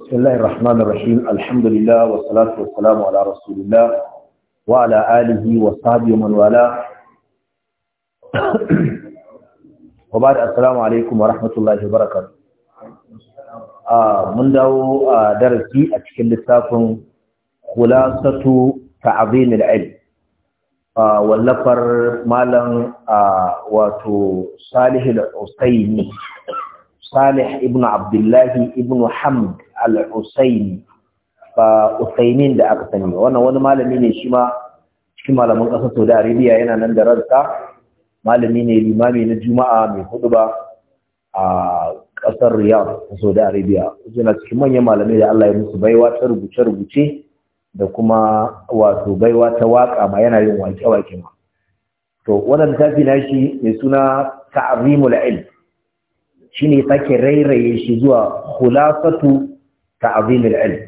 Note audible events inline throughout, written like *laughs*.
بسم الله الرحمن الرحيم الحمد لله والصلاة والسلام على رسول الله وعلى آله وصحبه ومن والاه وبعد السلام عليكم ورحمة الله وبركاته mun dawo a darasi a cikin littafin kulasatu ta'zim al-ilm wallafar malam wato Salih al-Usaini salih ibn abdullahi ibn hamd al-usaini da aka sani wannan wani malami ne shi cikin malaman ƙasar saudi arabia yana nan da rarsa malami ne limami na juma'a mai hudu ba a ƙasar Riyal ta saudi arabia yana cikin manyan malamai da allah ya musu baiwa ta rubuce-rubuce da kuma wato baiwa ta waka ma yana yin wake-wake ma to wannan littafi na shi mai suna ta'zimul ilm shine sake rairaye shi zuwa khulasatu ta'zim al-ilm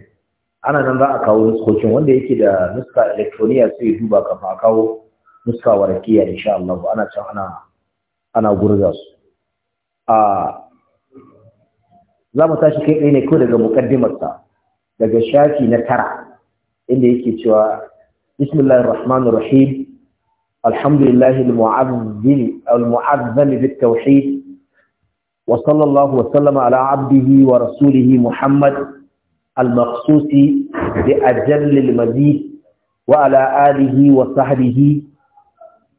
ana nan za a kawo nuskokin wanda yake da nuska elektroniya sai duba kafin a kawo nuska warakiya insha Allah ana can ana ana gurza su a za mu tashi kai ne ko daga mukaddimarsa daga shafi na tara inda yake cewa bismillahir rahmanir rahim alhamdulillahi al-mu'azzim al bit tauhid وصلى الله وسلم على عبده ورسوله محمد المخصوص بأجل المزيد وعلى آله وصحبه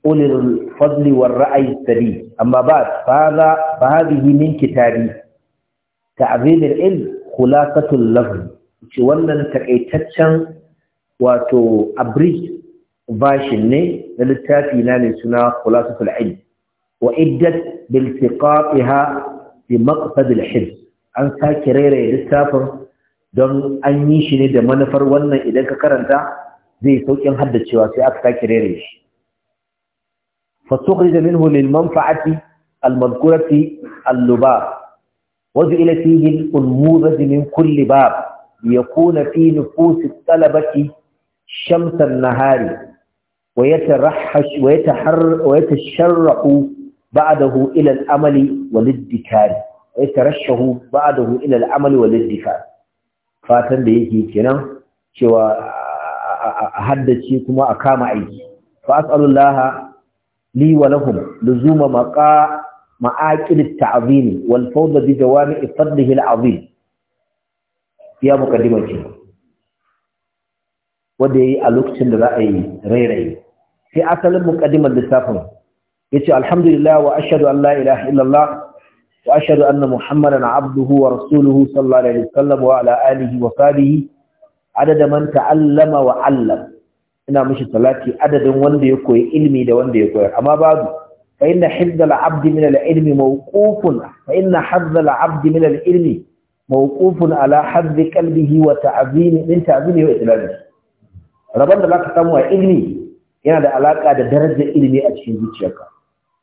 أولي الفضل والرأي السليم أما بعد فهذا فهذه من كتابي تعظيم العلم خلاصة اللفظ wannan takaitaccen wato abridged version ne na littafi na ne suna khulasatul ilm وإدت بالتقاطها بمقصد مقصد an أن rairaye littafin don an yi shi ne da manufar wannan idan ka karanta zai saukin haddacewa sai فاستخرج منه للمنفعة المذكورة اللباب وزئل فيه الأنموذج من كل باب ليكون في نفوس الطلبة شمس النهار ويترحش ويتحر ويتشرق ba'dahu ila al-amali wal-iddikari ba tarashahu ba'dahu ila al-amali wal fatan da yake kenan cewa a haddace kuma a kama aiki fa as'alullah li wa lahum luzuma maqa ma'aqil at wal fawd bi jawami' fadlihi al ya mukaddima ce wanda yayi a lokacin da za a yi rairayi sai asalin mukaddimar lissafin yace alhamdulillah wa ashhadu an la ilaha illallah wa ashhadu anna muhammadan abduhu wa rasuluhu sallallahu alaihi wasallam wa ala alihi wa sahbihi adada man ta'allama wa 'allam ina mishi salati adadin wanda ya koyi ilmi da wanda ya koyar amma babu fa inna hifdhal 'abdi min al-ilmi mawqufun fa inna hifdhal 'abdi min al-ilmi mawqufun ala Hadzi, qalbihi wa ta'zimi min ta'zimi wa itlalihi rabban da zaka samu a ilmi yana da alaka da darajar ilmi a cikin zuciyarka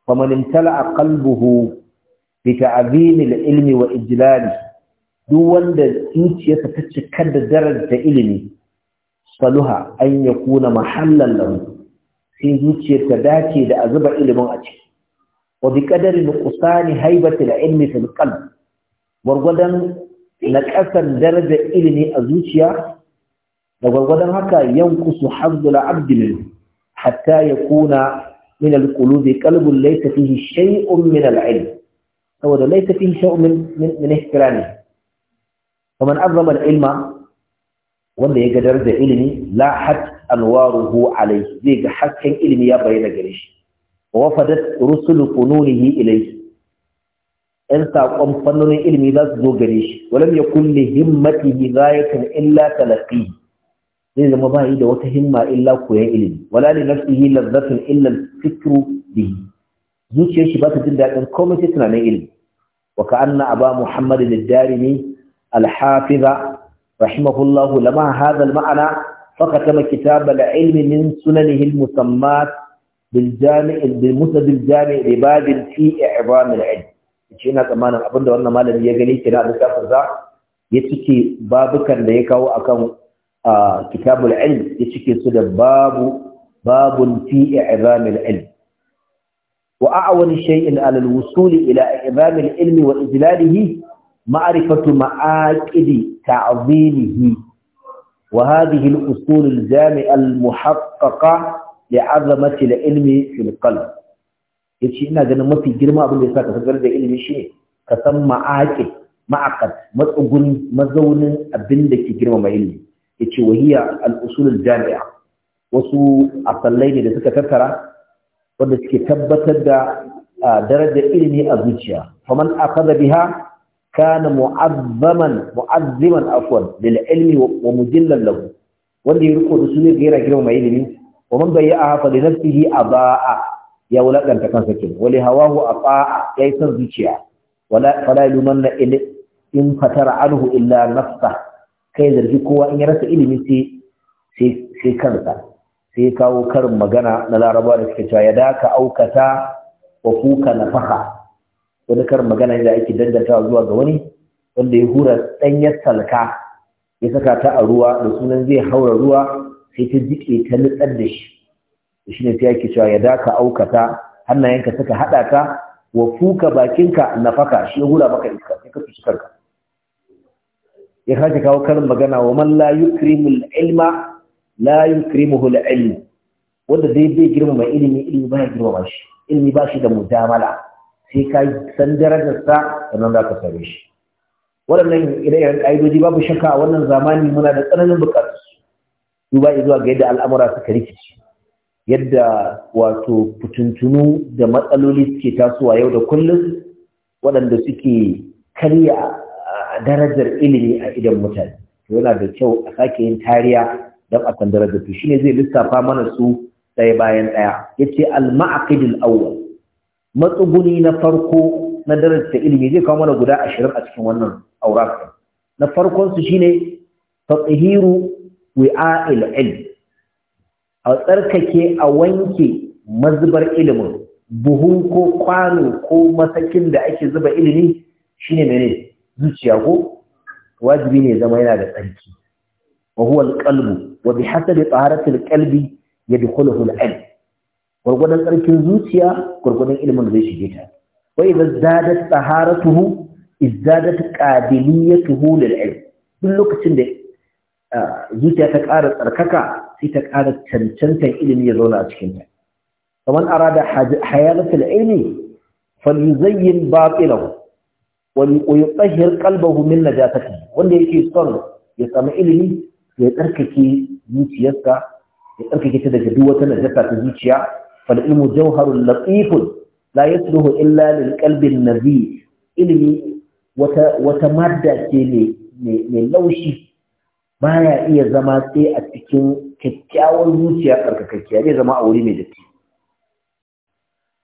faman a qalbuhu bi ta'zimi al-ilmi wa ijlali duk wanda zuciyarsa ta cika da darajar ilimi saluha an yakuna mahallan lahu sai zuciyar ta dace da azuba ilimin a ciki wa bi qadari nuqsani haibati al-ilmi fil qalb gwargwadon na ƙasar darajar ilimi a zuciya da gwargwadon haka yankusu hazzula abdulil hatta ya kuna min al-qulubi qalbun laysa fihi shay'un min saboda laysa fihi shay'un min min ihtirami faman azama ilma wanda ya gadar da ilimi la hat anwaruhu alayhi zai ga hakkin ilimi ya bayyana gare shi wa wafadat rusul fununihi ilayhi ‘yan saƙon fannonin ilimi za su zo gare shi, walam ya kulle himmati bi gayatan illa talaqihi zai zama ba yi da wata himma illa koyan ilimi wala li nafsihi ladzatun illa fikru bihi zuciyar shi ba ta jin daɗin komai sai tunanin ilimi wa ka'anna aba muhammadu da jarimi alhafiza rahimahullahu lama hadha al-ma'ana فختم كتاب العلم من سننه المسمات بالجامع بالمسند الجامع لباب في إعظام العلم shi ina tsammanin abinda wannan malami ya gani kina da kafin za ya cike babukan da ya kawo akan آه، كتاب العلم يشكي سودا باب باب في إعظام العلم وأعون شيء على الوصول إلى إعظام العلم وإجلاله معرفة مآكد تعظيمه وهذه الأصول الجامعة المحققة لعظمة العلم في القلب yace ina ganin mafi girma abin da ya saka sabar da ilimi shi ne ka san ma'aqi ma'aqad matsugun mazaunin abin da ke girma yace wahiya al-usul jamia wasu asallai ne da suka tattara wanda suke tabbatar da darajar ilimi a zuciya faman akhadha biha kana mu'azzaman mu'azziman afwan lil ilmi wa mujillan lahu wanda ya riko da su ne gaira girma mai ilimi wa man bayya'aha fa li nafsihi aba'a ya wulakanta kansa kin wali hawahu aba'a yayi san zuciya wala fala yumanna in fatara anhu illa nafsahu kai zargi kowa in ya rasa ilimi sai kansa sai kawo karin magana na laraba da suke cewa ya daka aukata wa kuka faha wani karin magana ne da ake dandatawa zuwa ga wani wanda ya hura ɗanyar salka ya saka ta a ruwa da sunan zai haura ruwa sai ta jiƙe ta nutsar da shi shi ne sai ake cewa ya daka aukata hannayenka suka haɗa ka wa fuka bakinka na faka, shi ya hura maka iska sai ka shi karka ya kace kawo karin magana wa man la yukrimul ilma la yukrimuhu al-ilm wanda dai bai girmama ilimi ilimi ba ya girmama shi ilimi ba shi da mujamala sai ka san darajar sa sannan za ka sare shi waɗannan ire-iren ƙa'idoji babu shakka a wannan zamani muna da tsananin buƙatar duba zuwa ga yadda al'amura suka rikici yadda wato fitintunu da matsaloli suke tasowa yau da kullum waɗanda suke karya a darajar ilimi a idan mutane to yana da kyau a sake yin tariya don a san darajar to shine zai lissafa mana su ɗaya bayan ɗaya yace al ma'aqidul awwal matsuguni na farko na darajar ilimi zai kawo mana guda 20 a cikin wannan auraka na farkon su shine tathiru wi'a'il ilm a tsarkake a wanke mazubar ilimin buhun ko kwano ko masakin da ake zuba ilimi shine menene zuciya ko wajibi ne zama yana da tsarki wa huwa alqalbu wa bi hasabi taharati alqalbi yadkhuluhu alilm gurgudan tsarkin zuciya gurgudan ilimin zai shige ta wa idza zadat taharatuhu izzadat qabiliyatuhu lililm duk lokacin da zuciya ta ƙara tsarkaka sai ta ƙara cancanta ilimi ya zauna a ta kamar arada hayaratul ilmi falyuzayyin batilahu wani tsahiyar kalbahu min najasati wanda yake son ya samu ilimi ya tsarkake zuciyarsa ya tsarkake ta daga duk wata najasa ta zuciya fal ilmu jawharul latifun la yasluhu illa lil qalbin nazi ilimi wata wata madda ce ne mai laushi baya iya zama sai a cikin kyakkyawar zuciya tsarkakakkiya zai zama a wuri mai datti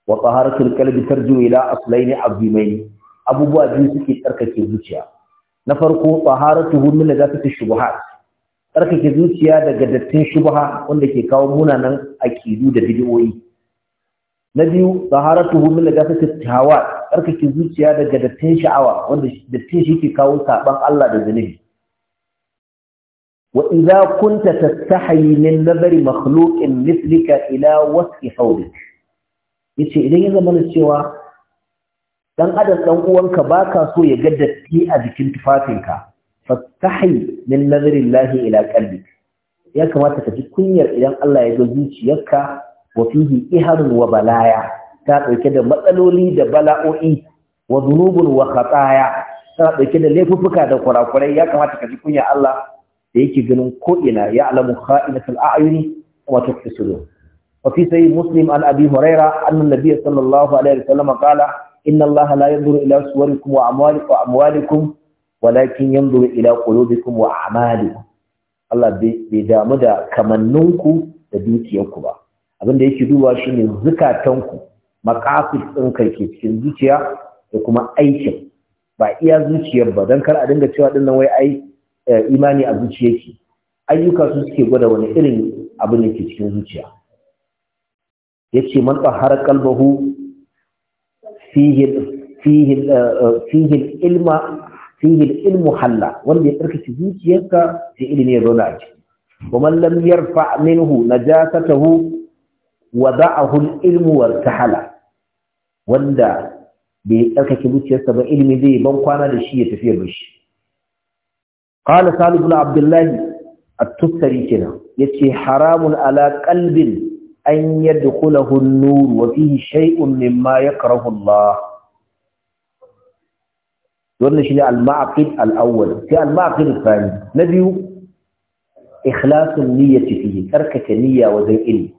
wa taharatul qalbi tarju ila aslaini azimaini abubuwa biyu suke tsarkake zuciya na farko hu min ladati shubuhat tsarkake zuciya daga dattin shubha wanda ke kawo munanan akidu da bid'o'i na biyu hu min ladati hawa tsarkake zuciya daga dattin sha'awa wanda dattin shi ke kawo saban Allah da zunubi wa idza kunta tastahi min nazari makhluqin mithlika ila wasfi hawlik yace idan ya zama cewa dan adam dan uwanka baka so ya ga datti a jikin tufafinka fastahi min nazarillahi ila qalbi ya kamata ka ji kunyar idan Allah ya ga zuciyarka wa fihi iharun wa balaya ta dauke da matsaloli da bala'o'i wa dhunubun wa khataya ta dauke da laifuffuka da kurakurai ya kamata ka ji kunya Allah da yake ganin ko ina ya alamu kha'inatul a'yuni wa tukfisulun وفي سيد مسلم عن أبي هريرة أن النبي صلى الله عليه وسلم قال inna الله لا ينظر ila suwarikum wa amwalikum walakin yanzuru ila qulubikum wa Allah bai damu da kamanninku da dukiyarku ba abin da yake duba shi ne zukatanku makafi din kai ke cikin zuciya da kuma aikin ba iya zuciyar ba Don kar a dinga cewa dinnan wai ai imani a zuciya ke. ayyuka su suke gwada wani irin abin da ke cikin zuciya yace man tsahara kalbahu fihil eh, eh, ilma ilmu halla wanda ya tsarkake zuciyarka sai ilimi ya zauna a ciki wa lam yarfa minhu najasatahu wada'ahu al-ilmu wartahala wanda bai tsarkake zuciyarsa ba ilimi zai ban kwana da shi ya tafi ya shi qala salih ibn abdullah at-tusari kenan yace haramun ala qalbin an yadda an-nur wa fihi shay'un mimma yakrahu Allah wannan shine al-ma'qid al-awwal sai al-ma'qid al-thani na biyu ikhlasun niyyati fihi tsarkake niyya wajen ilmi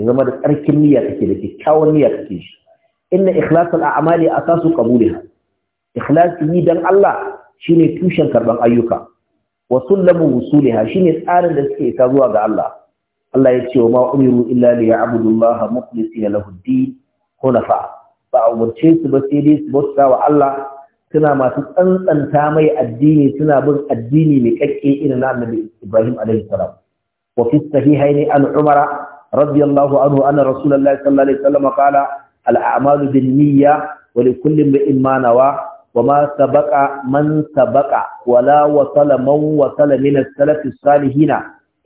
ya ma da tsarkin niyya kake da kyakkyawan niyya kake shi inna ikhlasul a'mali asasu qabuliha ikhlasi ni dan Allah shine tushen karban ayyuka wa sullamu wusuliha shine tsarin da suke isa zuwa ga Allah Allah ya ce wa ma umiru illa li ya'budullaha mukhlisina lahu hunafa ba a umarce su ba sai dai su bauta wa Allah suna masu tsantsanta mai addini suna bin addini mai ƙaƙƙe irin na Annabi Ibrahim alaihi salam wa fi sahihayn an Umar radiyallahu anhu anna Rasulullahi sallallahu alaihi wasallam qala al-a'malu bin-niyya wa likulli imrin ma nawa وما سبق من سبق ولا وصل من وصل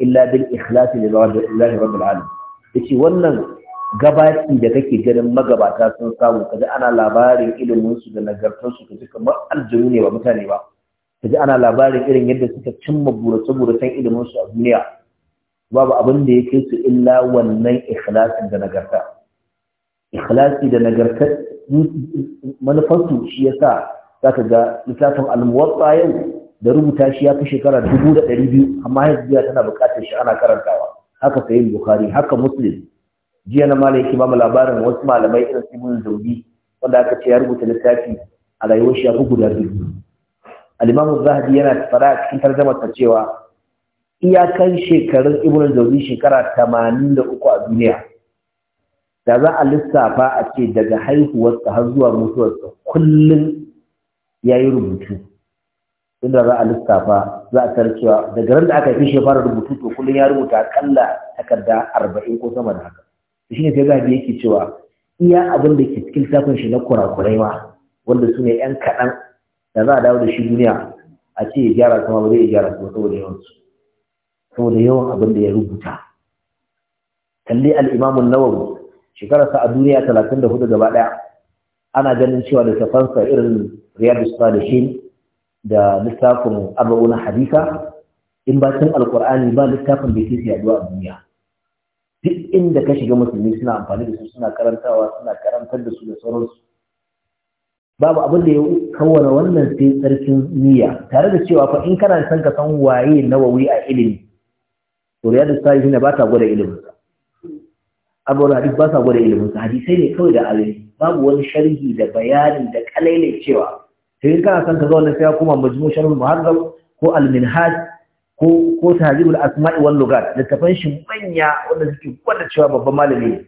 illa bil ikhlasi lillahi rabbil alamin yace wannan gabaci da kake ganin magabata sun samu kaji ana labarin ilimin su da nagartar su kaji kamar aljinu ne ba mutane ba kaji ana labarin irin yadda suka cimma burace buracen ilimin su a duniya babu abin da ya kai su illa wannan ikhlasin da nagarta ikhlasi da nagartar manufarsu shi yasa zaka ga littafin al-muwatta yau da rubuta shi ya fi shekara dubu da ɗari biyu amma hizbiya tana buƙatar shi ana karantawa haka sayi bukhari haka muslim jiya na malai yake bamu labarin wasu malamai irin su mun zaudi wanda aka ce ya rubuta littafi a rayuwar shi ya fi guda biyu alimamu yana fara a cikin tarjamar ta cewa iyakan shekarun ibnu zaudi shekara tamanin da uku a duniya da za a lissafa a ce daga haihuwarsa har zuwa mutuwarsa kullum ya yi rubutu inda za a lissafa za a tarcewa daga ran da aka yi shi fara rubutu to kullum ya rubuta akalla takarda arba'in ko sama da haka shi ne sai zabi yake cewa iya abin da ke cikin littafin shi na kurakurai ma wanda su ne yan kaɗan da za a dawo da shi duniya a ce ya gyara sama ba zai ya gyara sama saboda yawan su saboda yawan abin da ya rubuta kalli an nawawi sa a duniya talatin da hudu gaba ɗaya ana ganin cewa da safansa irin riyadus salihin da littafin arba'una hadisa in ba bacin alkur'ani ba littafin da yake yaduwa a duniya duk inda ka shiga musulmi suna amfani da su suna karantawa suna karantar da su da sauransu babu abin da ya kawana wannan sai tsarkin niyya tare da cewa fa in kana son ka san waye nawawi a ilimi to sai ne ba ta gwada ilimin sa abu hadisi ba sa gwada ilimin sa hadisai ne kawai da alai babu wani sharhi da bayani da kalaile cewa sai ka san ka zo wannan sai kuma majmu muhazzab ko al minhaj ko ko asma'i wal lughat littafan shi manya wanda suke gwada cewa babban malami ne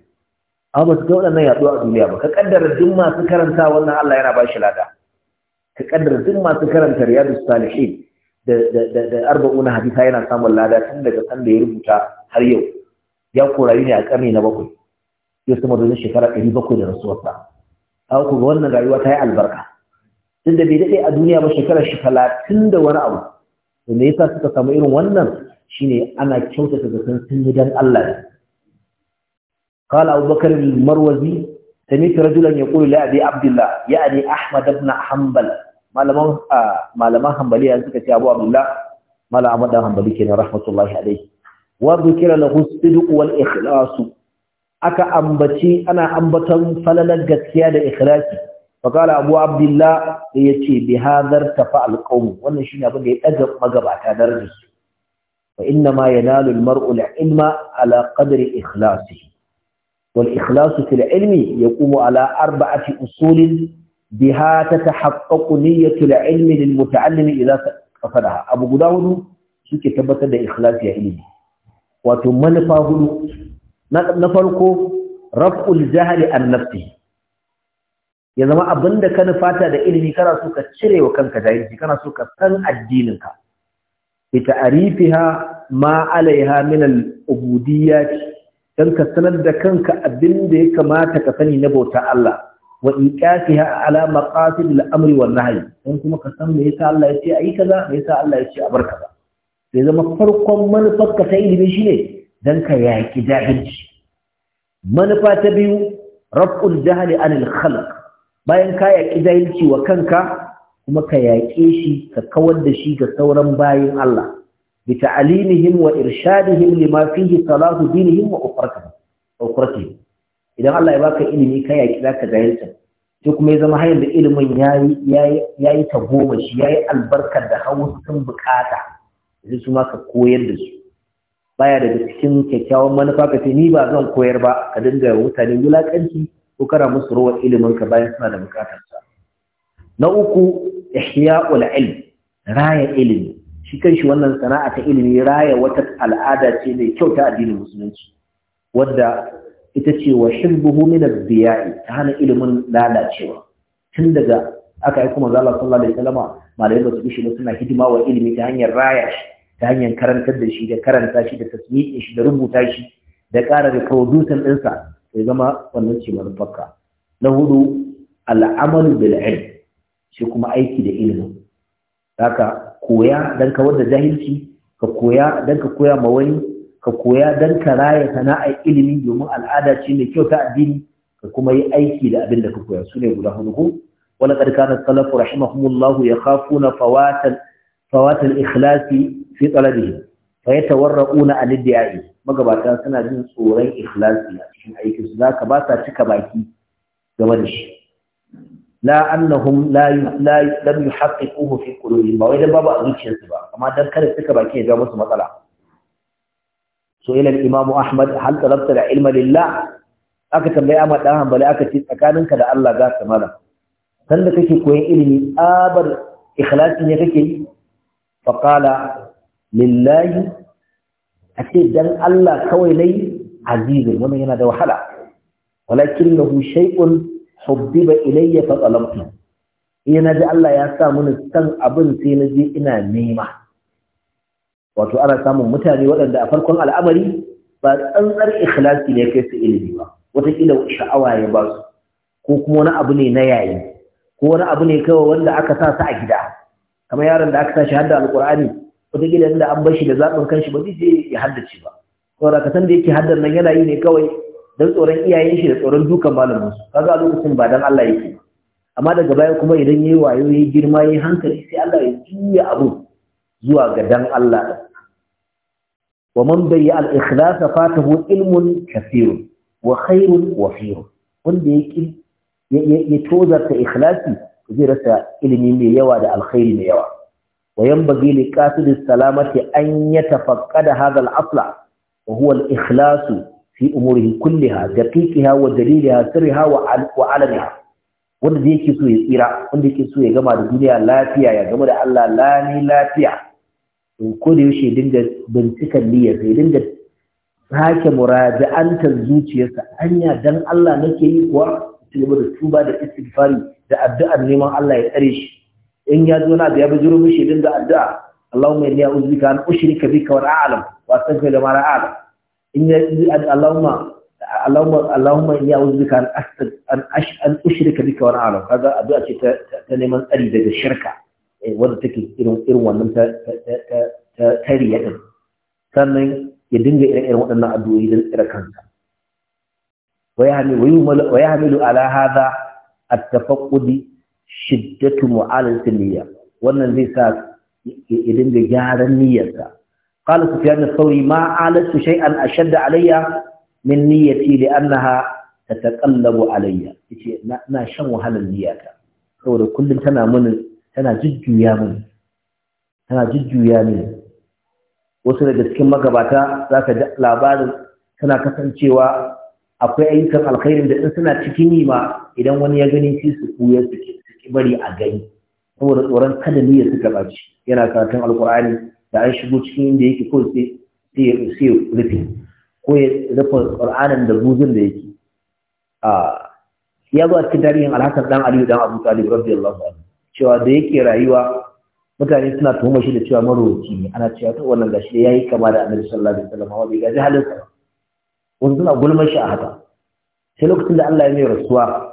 amma ba su ga wadannan yaduwa a duniya ba ka kaddara duk masu karanta wannan Allah yana ba shi lada ka kaddara duk masu karanta riyadus salihin da da da arba'una hadisa yana samun lada tun daga san da ya rubuta har yau ya korayi ne a karni na bakwai ya sama da shekara 700 da rasuwarsa. ku ga wannan rayuwa ta yi albarka. tunda bai dade a duniya ba shekara shi talatin da wani abu to me yasa suka samu irin wannan shine ana kyautata zaton sun yi dan Allah ne قال أبو بكر Marwazi, سمعت رجلا يقول لأبي عبد الله يعني أحمد بن حنبل malaman malaman hanbaliya suka ce Abu Abdullah malam Ahmad dan hanbali kenan rahmatullahi alaihi wa dhikra lahu sidq wal ikhlas aka ambaci ana ambatan falalar gaskiya da ikhlasi fakala abu abdullah ya ce bi hadar tafa alƙawun wannan shi ne abin da ya ɗaga magabata darajar su fa inna ma ya nalu mar'u ilma ala qadri ikhlasi wal ikhlasu fil ilmi yaqumu ala arba'ati usulin biha tatahaqqaqu niyyatu al ilmi lil muta'allimi idza qasadaha abu guda hudu suke tabbatar da ikhlasi ya ilmi. wato manufa hudu na farko raf'ul jahli an nafsihi ya zama abin da ka nufata da ilimi kana so ka cire wa kanka jahilci kana so ka san addininka bi ta'rifiha ma alaiha min al-ubudiyyah dan ka sanar da kanka abin da ya kamata ka sani na bauta Allah wa iqafiha ala maqasid al-amri wan nahy dan kuma ka san me yasa Allah ya ce ayi kaza me yasa Allah ya ce a barka ba? sai zama farkon manufar ka ta ilimi shine dan ka yaki jahilci manufa ta biyu raf'ul jahli anil khalq bayan ka yaƙi jahilci wa kanka kuma ka yaƙe shi ka kawar da shi ga sauran bayan Allah bi ta'alimihim wa irshadihim lima fihi salatu dinihim wa ukhratuhum idan Allah ya baka ilimi ka yaƙi zaka jahilci sai kuma ya zama hayar da ilimin yayi yayi ta goma shi yayi albarkar da hawa sun bukata sai su ma ka koyar da su baya daga cikin kyakkyawan manufa ka ce ni ba zan koyar ba ka dinga mutane wulakanci ko kana musu rawa ilimin ka bayan suna da bukatar sa na uku ihya'ul ilm raya ilimi shi kanshi wannan sana'a ta ilimi raya wata al'ada ce mai kyau ta addinin musulunci wadda ita ce wa shibbuhu min ad-diya'i ta hana ilimin lalacewa tun daga aka yi kuma zala sallallahu alaihi wasallama malamai ba su ba suna hidima wa ilimi ta hanyar raya shi ta hanyar karantar da shi da karanta shi da tasmiƙin shi da rubuta shi da ƙara da producer ɗinsa ya zama wannan ce manufarka na hudu al'amalu bil ilm shi kuma aiki da ilimi haka koya dan ka wanda jahilci ka koya dan ka koya ma wani ka koya dan ka raya sana'ar ilimi domin al'ada ce mai kyau ta addini ka kuma yi aiki da abin da ka koya sune guda hudu ko wala qad kana salafu rahimahumullahu yakhafuna fawatal fawatal ikhlasi fi talabihi fa yatawarrauna an diya'i magabata suna jin tsoron ikhlasi a cikin aikin su zaka ba sa cika baki game da shi la annahum la la lam yuhaqqiquhu fi qulubihim ba wai dan babu a ba amma dan kada cika baki ya ga musu matsala so ila al ahmad hal talabta ilma lillah aka tambaye amma dan hanbali aka ce tsakaninka da Allah za ka mala sanda kake koyon ilimi abar ikhlasi ne kake yi faqala lillahi a ce dan Allah kawai nayi azizin wannan yana da wahala walakinahu shay'un hubbiba ilayya fa talabtu yana ji Allah ya sa mini san abin sai na je ina nema wato ana samun mutane waɗanda a farkon al'amari ba tsantsar ikhlasi ne kai su ilimi ba wataƙila sha'awa ya ba su ko kuma wani abu ne na yayi ko wani abu ne kawai wanda aka sa su a gida kamar yaron da aka sa shi hadda alƙur'ani wataƙila inda an bashi da zaɓin kanshi ba zai je ya haddace ba saboda ka san da yake haddar nan yana yi ne kawai don tsoron iyayen shi da tsoron dukan malamin su kaga a lokacin ba dan Allah yake amma daga baya kuma idan yayi wayo yayi girma ya yayi hankali sai Allah ya juya abu zuwa ga dan Allah wa man bayya al ikhlas fatahu ilmun kathir wa khairun wafir wanda yake ya tozarta ikhlasi zai rasa ilimi mai yawa da alkhairi mai yawa وينبغي لقاصد السلامة أن يتفقد هذا الأصل وهو الإخلاص في أموره كلها دقيقها ودليلها سرها وعلمها wanda yake so ya tsira wanda yake so ya gama da duniya lafiya ya gama da Allah lani lafiya ko da yaushe dinga bincikan niyya sai dinga sake muraja'antar zuciyarsa anya dan Allah nake yi kuwa ci gaba da tuba da istighfari da addu'ar neman Allah ya tsare shi in ya zo na da ya bujuro mishi din da addu'a Allahumma inni a'udhu bika an ushrika bika wa a'lam wa astaghfiru lima la a'lam in Allahumma Allahumma Allahumma inni a'udhu an an ushrika bika wa a'lam kaga addu'a ce ta neman tsari daga shirka wanda take irin irin wannan ta ta ta riya din sannan ya dinga irin irin waɗannan addu'o'i don tsira kansa wa yahmilu ala hadha at shiddatu mu'alati niyya wannan zai sa ya da gyaran niyyarsa qala sufyan al-thawri ma alatu shay'an ashadd alayya min niyyati li annaha tataqallabu alayya yace na shan wahalar niyyata saboda kullun tana mun tana jujjuya mun tana jujjuya mini wasu daga cikin magabata zaka labarin tana kasancewa akwai ayyukan alkhairin da in suna cikin yi ma idan wani ya gani sai su kuya su ki bari a gani saboda tsoron kada ya su taɓa yana karatun alkur'ani da an shigo cikin inda yake ko sai sai rufe ko ya rufe alƙur'anin da buzin da yake a ya zo a cikin tarihin alhassan dan aliyu dan abu talib radiyallahu anhu cewa da yake rayuwa mutane suna tuhumar shi da cewa marowaci ne ana cewa to wannan gashi yayi kama da annabi sallallahu alaihi wasallam wa bai gaji halinsa ba Wanzu suna gulmar shi a haka sai lokacin da Allah ya mai rasuwa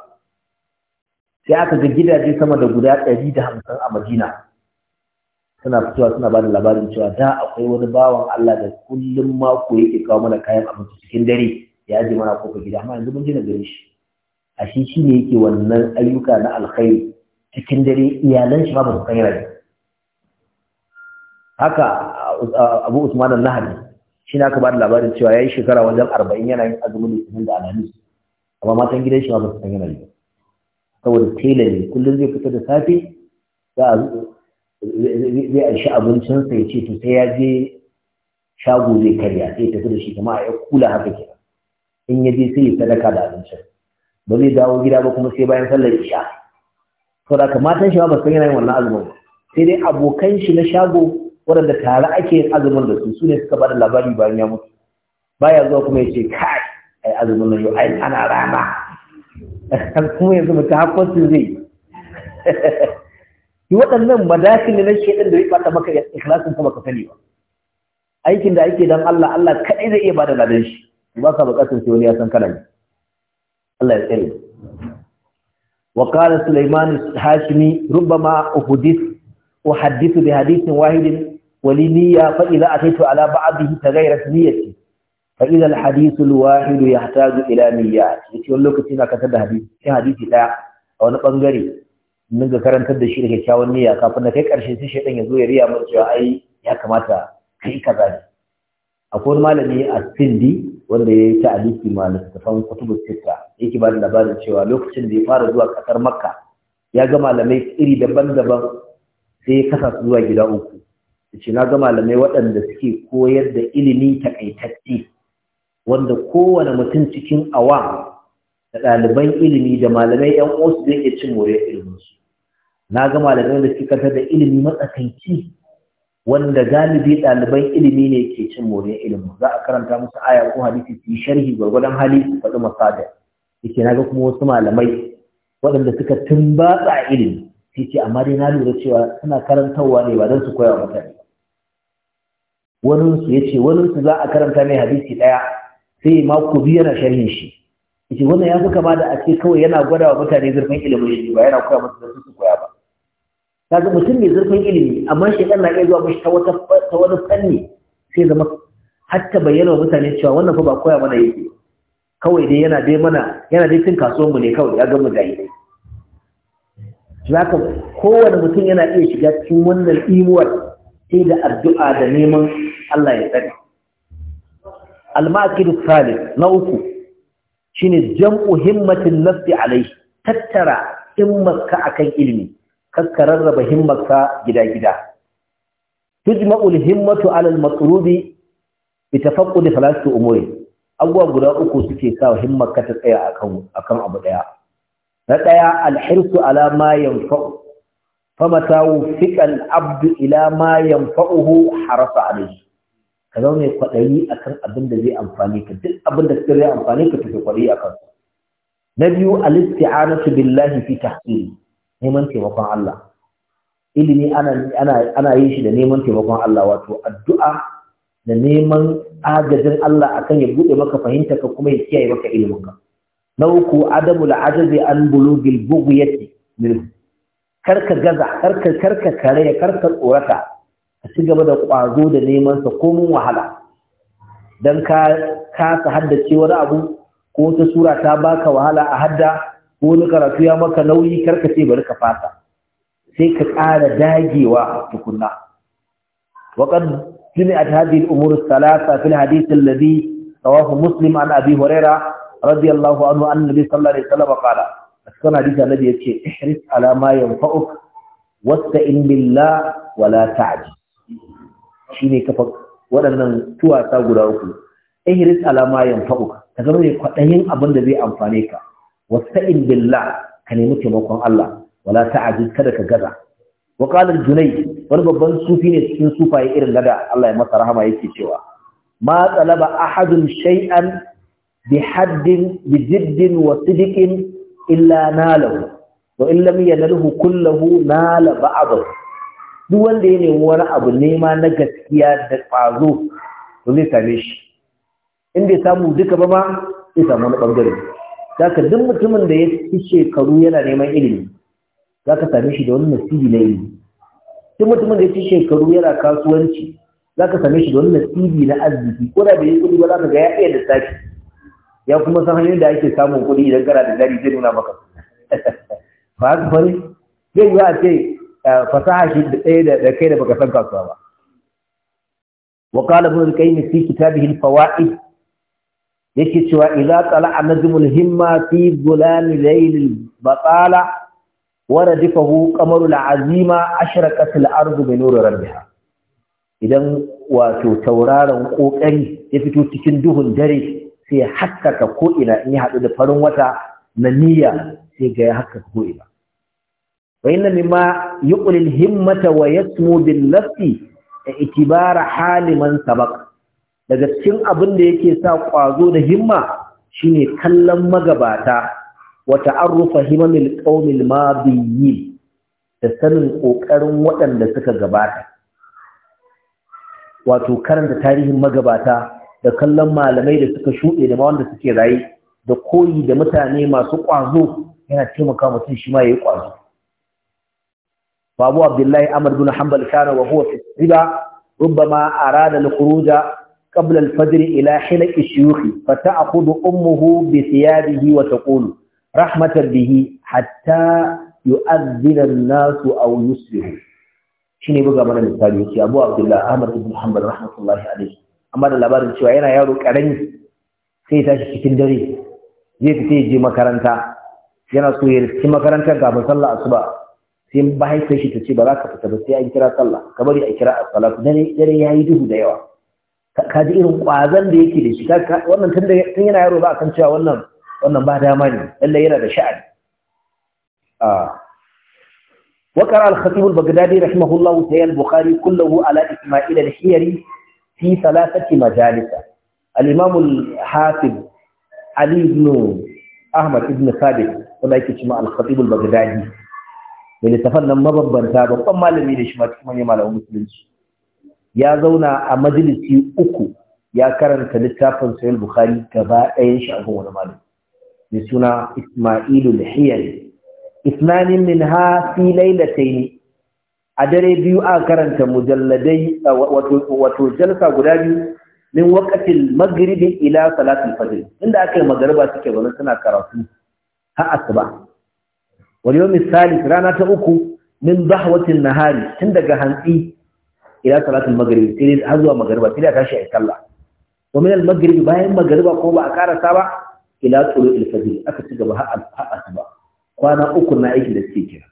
sai aka ga gidaje sama da guda ɗari da hamsin a Madina suna fitowa suna ba da labarin cewa da akwai wani bawan Allah da kullum mako yake kawo mana kayan abinci cikin dare ya ji mana kofa gida amma yanzu mun je na gare shi a shi shi ne yake wannan ayyuka na alkhairi cikin dare iyalan shi ma ba su kai rai haka uh, Abu Usman al nahdi shi na aka ba da labarin cewa ya yi shekara wajen arba'in yana yin azumin litinin da alhamis amma matan gidan shi ma ba su san yana yi saboda tela ne kullum zai fita da safe za a shi abincin abincinsa ya ce to sai ya je shago zai karya sai tafi da shi kama a ya kula haka ke in ya je sai ya sadaka da abincin ba zai dawo gida ba kuma sai bayan sallar isha saboda matan shi ma ba su san yana yin wannan azumin sai dai abokan shi na shago waɗanda tare ake yin azumin da su su ne suka bada labari bayan ya mutu baya zuwa kuma ya ce kai ai azumin na, yau ai ana rana kuma yanzu mutu hakkoncin zai yi waɗannan madakin na shaidan da ya bata maka ikhlasin kuma ka sani ba aikin da ake dan Allah Allah kaɗai zai iya bada ladan shi ba ka buƙatar sai wani ya san kana Allah ya tsare wa qala sulaiman hashimi rubbama uhdith uhaddithu bi hadithin wahidin ولنية فإذا أتيت على بعضه تغيرت نيتي فإذا الحديث الواحد يحتاج إلى نيات يقول لك تنا كتب حديث hadisi ɗaya. A wani ɓangare, mun ga karantar da shi da kyakkyawan niyya kafin na kai ƙarshen sai shaidan ya zo ya riya mun cewa ai ya kamata kai kaza ne akwai malami a Sindi wanda ya yi ta'aliki ma littattafan kutubu sitta yake ba da labarin cewa lokacin da ya fara zuwa ƙasar Makka ya ga malamai iri daban-daban sai ya kasa zuwa gida uku ce na ga malamai waɗanda suke koyar da ilimi takaitacce wanda kowane mutum cikin awa da ɗaliban ilimi da malamai yan osu zai iya cin moriyar iliminsu na ga malamai da suke karanta da ilimi matsakaici wanda galibi ɗaliban ilimi ne ke cin moriyar ilimi, za a karanta musu aya ko hadisi su yi sharhi gwargwadon hali su faɗi masadar yake na ga kuma wasu malamai waɗanda suka tumbatsa ilimi sai ce amma dai na lura cewa suna karantarwa ne ba don su koya mutane waninsu ya ce waninsu za a karanta mai hadisi ɗaya sai mako biyu yana sharhin shi ce wannan ya fi kama da a ce kawai yana gwada wa mutane zurfin ilimin shi ba yana koya masu da su koya ba kaga mutum mai zurfin ilimi amma ɗan na iya zuwa mashi ta ta wani fanni sai zama hatta bayyana wa mutane cewa wannan fa ba koya mana yake kawai dai yana dai mana yana dai cin kasuwar mu ne kawai ya ga mu dai dai zaka kowane mutum yana iya shiga cikin wannan imuwar sai da addu'a da neman Allah ya tsare al-maqid na uku shine jam'u himmatin nafsi alai tattara himmarka akan ilimi kakka rarraba himmatka gida-gida tujma'u himmatu alal al-matlubi bi tafaqqud thalathati umuri guda uku suke sa himmarka ta tsaya akan akan abu ɗaya. na ɗaya alhirsu hirsu 'ala ma yanfa'u famata abdu ila ma Fa'uhu harasa alayhi ka zama mai kwaɗayi akan abin da zai amfani ka duk abin da zai amfani ka tafi kwaɗayi a kansu na biyu al-isti'anatu billahi fi tahsili neman taimakon Allah ilimi ana ana ana yin shi da neman taimakon Allah wato addu'a da neman agajin Allah akan ya bude maka fahimta ka kuma ya kiyaye maka ilimin ka na uku adamul ajazi an bulugil bughyati min karka gaza karka karka kare karka tsorata Ka ci gaba da ƙwazo da neman sa komin wahala don ka kasa haddace wani abu ko ta sura ta baka wahala a hadda ko wani karatu ya maka nauyi karka ce bari ka fasa sai ka ƙara dagewa tukunna waƙar جمعت هذه الأمور الثلاثة في الحديث الذي رواه مسلم عن an هريرة رضي radiyallahu anhu أن النبي صلى الله عليه وسلم قال أسكن حديث النبي "Ihris احرص على ما ينفعك واستئن بالله ولا ne kafa waɗannan tuwasa guda uku ihris alama yanfa'uka ka zama mai kwaɗayin abin da zai amfane ka wasta'in billah ka nemi taimakon Allah wala ta'ajiz kada ka gaza wa qala al-junay wani babban sufi ne cikin sufaye irin gada Allah ya masa rahama yake cewa ma talaba ahadun shay'an bi haddin bi jiddin wa sidqin illa nalahu wa in lam yanalhu kullahu nala ba'dahu duk wanda ya nemi wani abu nema na gaskiya da ƙwazo to zai same shi in bai samu duka ba ma zai samu wani ɓangare za ka duk mutumin da ya fi shekaru yana neman ilimi za ka same shi da wani nasibi na ilimi duk mutumin da ya fi shekaru yana kasuwanci za ka same shi da wani nasibi na arziki ko da bai yi kuɗi ba za ka ga ya iya lissafi ya kuma san hanyoyin da ake samun kuɗi idan kana da jari zai nuna maka *laughs* ba haka bane zai yi a ce fasaha shi da ɗaya da kai da baka san kasuwa ba wa qala ibn al-qayyim fi kitabihi fawaid yake cewa idza tala'a najmul himma fi zulal layl al-batala wa radifahu qamaru al-azima ashraqat al bi rabbiha idan wato tauraron kokari ya fito cikin duhun dare sai haskaka ko ina in ya hadu da farin wata na niyya sai ga ya haskaka ko ina wa inna mimma himmata wa yasmu bil lafzi itibara hali man sabaq daga cikin abin da yake sa kwazo da himma shine kallon magabata wa ta'arrufa himamil qaumil madiyyin da sanin kokarin waɗanda suka gabata wato karanta tarihin magabata da kallon malamai da suka shuɗe da wanda suke raye da koyi da mutane masu ƙwazo yana taimaka mutum shi ma ya yi ƙwazo فأبو عبد الله أمر بن حنبل كان وهو في السبع ربما أراد الخروج قبل الفجر إلى حلق الشيوخ فتأخذ أمه بثيابه وتقول رحمة به حتى يؤذن الناس أو يسره shine buga mana misali yake Abu Abdullah Ahmad ibn Hanbal rahmatullahi alayhi amma da labarin cewa yana yaro karami sai ya tashi cikin dare zai fita je makaranta yana so ya riski makaranta kafin sallar asuba sai mahaifiyar shi ta ce ba za ka fita ba sai an kira sallah ka bari a kira a salatu dare dare ya yi duhu da yawa ka ji irin ƙwazon da yake da shi wannan tun yana yaro ba a kan cewa wannan wannan ba dama ne lalle yana da sha'ani wa qara al al al khatib baghdadi bukhari الخطيب ala رحمه al hiyari fi thalathati majalis al imam al hafid ali ibn ahmad ibn sabit wanda yake cewa al khatib al baghdadi da littafan nan mabambanta babban malami da shi ma cikin manyan malamin musulunci ya zauna a majalisi uku ya karanta littafin sahih bukhari gaba ɗayan shi a wani malami mai suna ismailu al isnanin min ha fi lailatayn a dare biyu a karanta mujalladai wato jalsa guda biyu min waqatil maghribi ila salatul fajr inda aka yi magariba suke bana suna karatu har asuba wal yawmi thalith rana ta uku min dahwatin nahari tun daga hanzi. ila salatul maghrib sai har zuwa magriba sai da tashi ai sallah wa min al maghrib bayan magriba ko ba a karasa ba ila tulu'il fajr aka ci gaba har asuba kwana uku na aiki da suke kira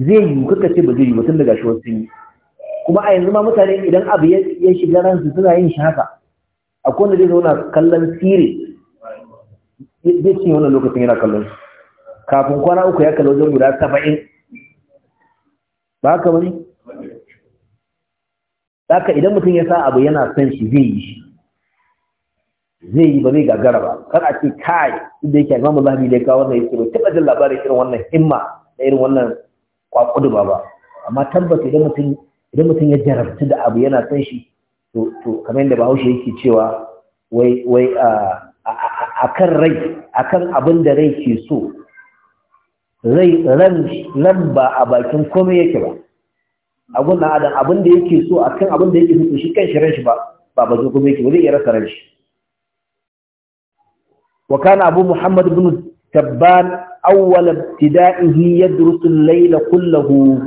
zai yi kuka ce ba zai yi mutum daga shi sun yi kuma a yanzu ma mutane idan abu ya shiga ransu suna yin shi haka akwai wanda zai zauna kallon sire zai cinye wannan lokacin yana kallon su kafin kwana uku ya kalli wajen guda saba'in ba ka wani ka idan mutum ya sa abu yana son shi zai yi shi zai yi ba zai gagara ba kan a ce kai inda yake imamu zahabi da ya kawo wannan yake bai taɓa jin labarin irin wannan himma da irin wannan kwakudu ba ba amma tabbata idan mutum idan mutum ya jarabci da abu yana son shi to to kamar yadda bahaushe yake cewa wai wai a akan rai akan abin da rai ke so Zai ran ba a bakin komai yake ba abun da adam abin da yake so akan abin da yake so shi kan shi ran shi ba ba bazo kuma yake ba zai iya rasa ran shi wa kana abu muhammad ibn tabban awwal ibtida'ihi yadrusu al-layla kullahu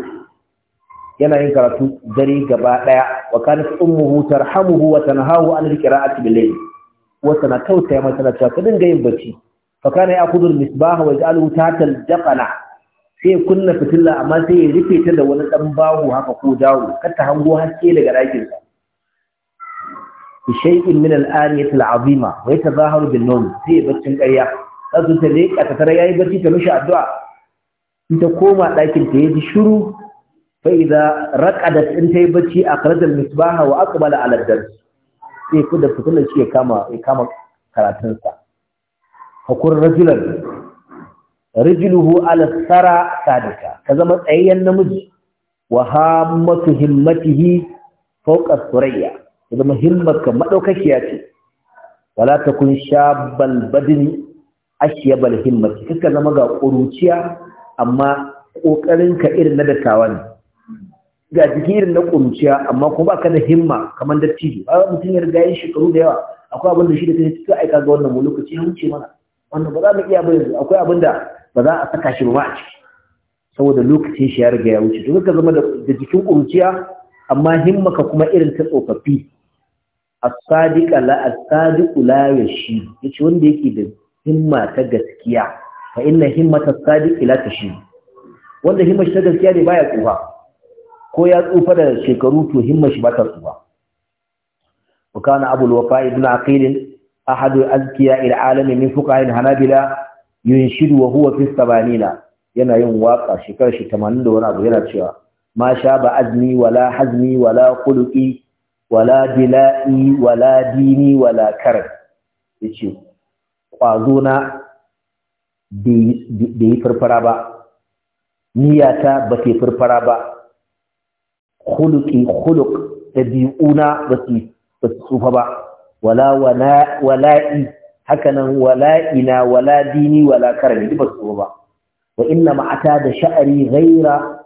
yana yin karatu dare gaba daya wa kana ummuhu tarhamuhu wa tanhahu an al-qira'ati bil-layl wa tana tausaya masa tana cewa ka dinga yin bacci fa kana ya'khudhu al-misbah wa yaj'aluhu ta al-jaqala sai kunna fitilla amma sai ya rufe ta da wani dan bawo haka ko dawo kar ta hango haske daga ɗakin sa bi shay'in min al-aniyati al-azima wa yatazaharu bin-nawm sai baccin ƙarya sai ta leka ta tare yayi barci ta mishi addu'a in ta koma ɗakin ta yaji shiru fa idza raqadat in yi barci a al misbaha wa aqbala ala ad-dars sai da fitilar shi ya kama karatun kama karatunsa hakun rajulan rijluhu ala sara sadika ka zama tsayayyen namiji wa hammatu himmatihi fawqa surayya ka zama himmarka madaukakiya ce wala takun shabban badini ashyabal himmati kika zama ga kuruciya amma kokarinka irin na dattawa ga jiki irin na kuruciya amma kuma baka da himma kamar dattijo ba mutum ya riga yin shekaru da yawa akwai abin da shi da kai suka aika ga wannan lokaci ya wuce mana wanda ba za mu iya bayyana akwai abin da ba za a saka shi ba a ciki saboda lokacin shi ya riga ya wuce to ka zama da jikin kurciya amma himmaka kuma irin ta tsofaffi as-sadiqa la as-sadiqu la yashi yace wanda yake da himma ta gaskiya fa inna himmata as-sadiqi la tashi wanda himma shi ta gaskiya ne baya tsufa ko ya tsufa da shekaru to himma shi ba ta tsufa وكان أبو الوفاء ابن عقيل ahadu azkiya il alami min fuqahin hanabila yunshidu wa huwa fi sabanina yana yin waka shekar shi 81 abu yana cewa Masha sha ba azmi wala hazmi wala quluqi wala dilai wala dini wala kar yace kwazo na bai yi farfara ba niyata ba ta yi farfara ba khuluqi khuluq ɗabi'una ba su tsufa ba wala wala'i hakanan wala'ina wala dini wala karami duk ba su ba wa inna ma'ata da sha'ari ghaira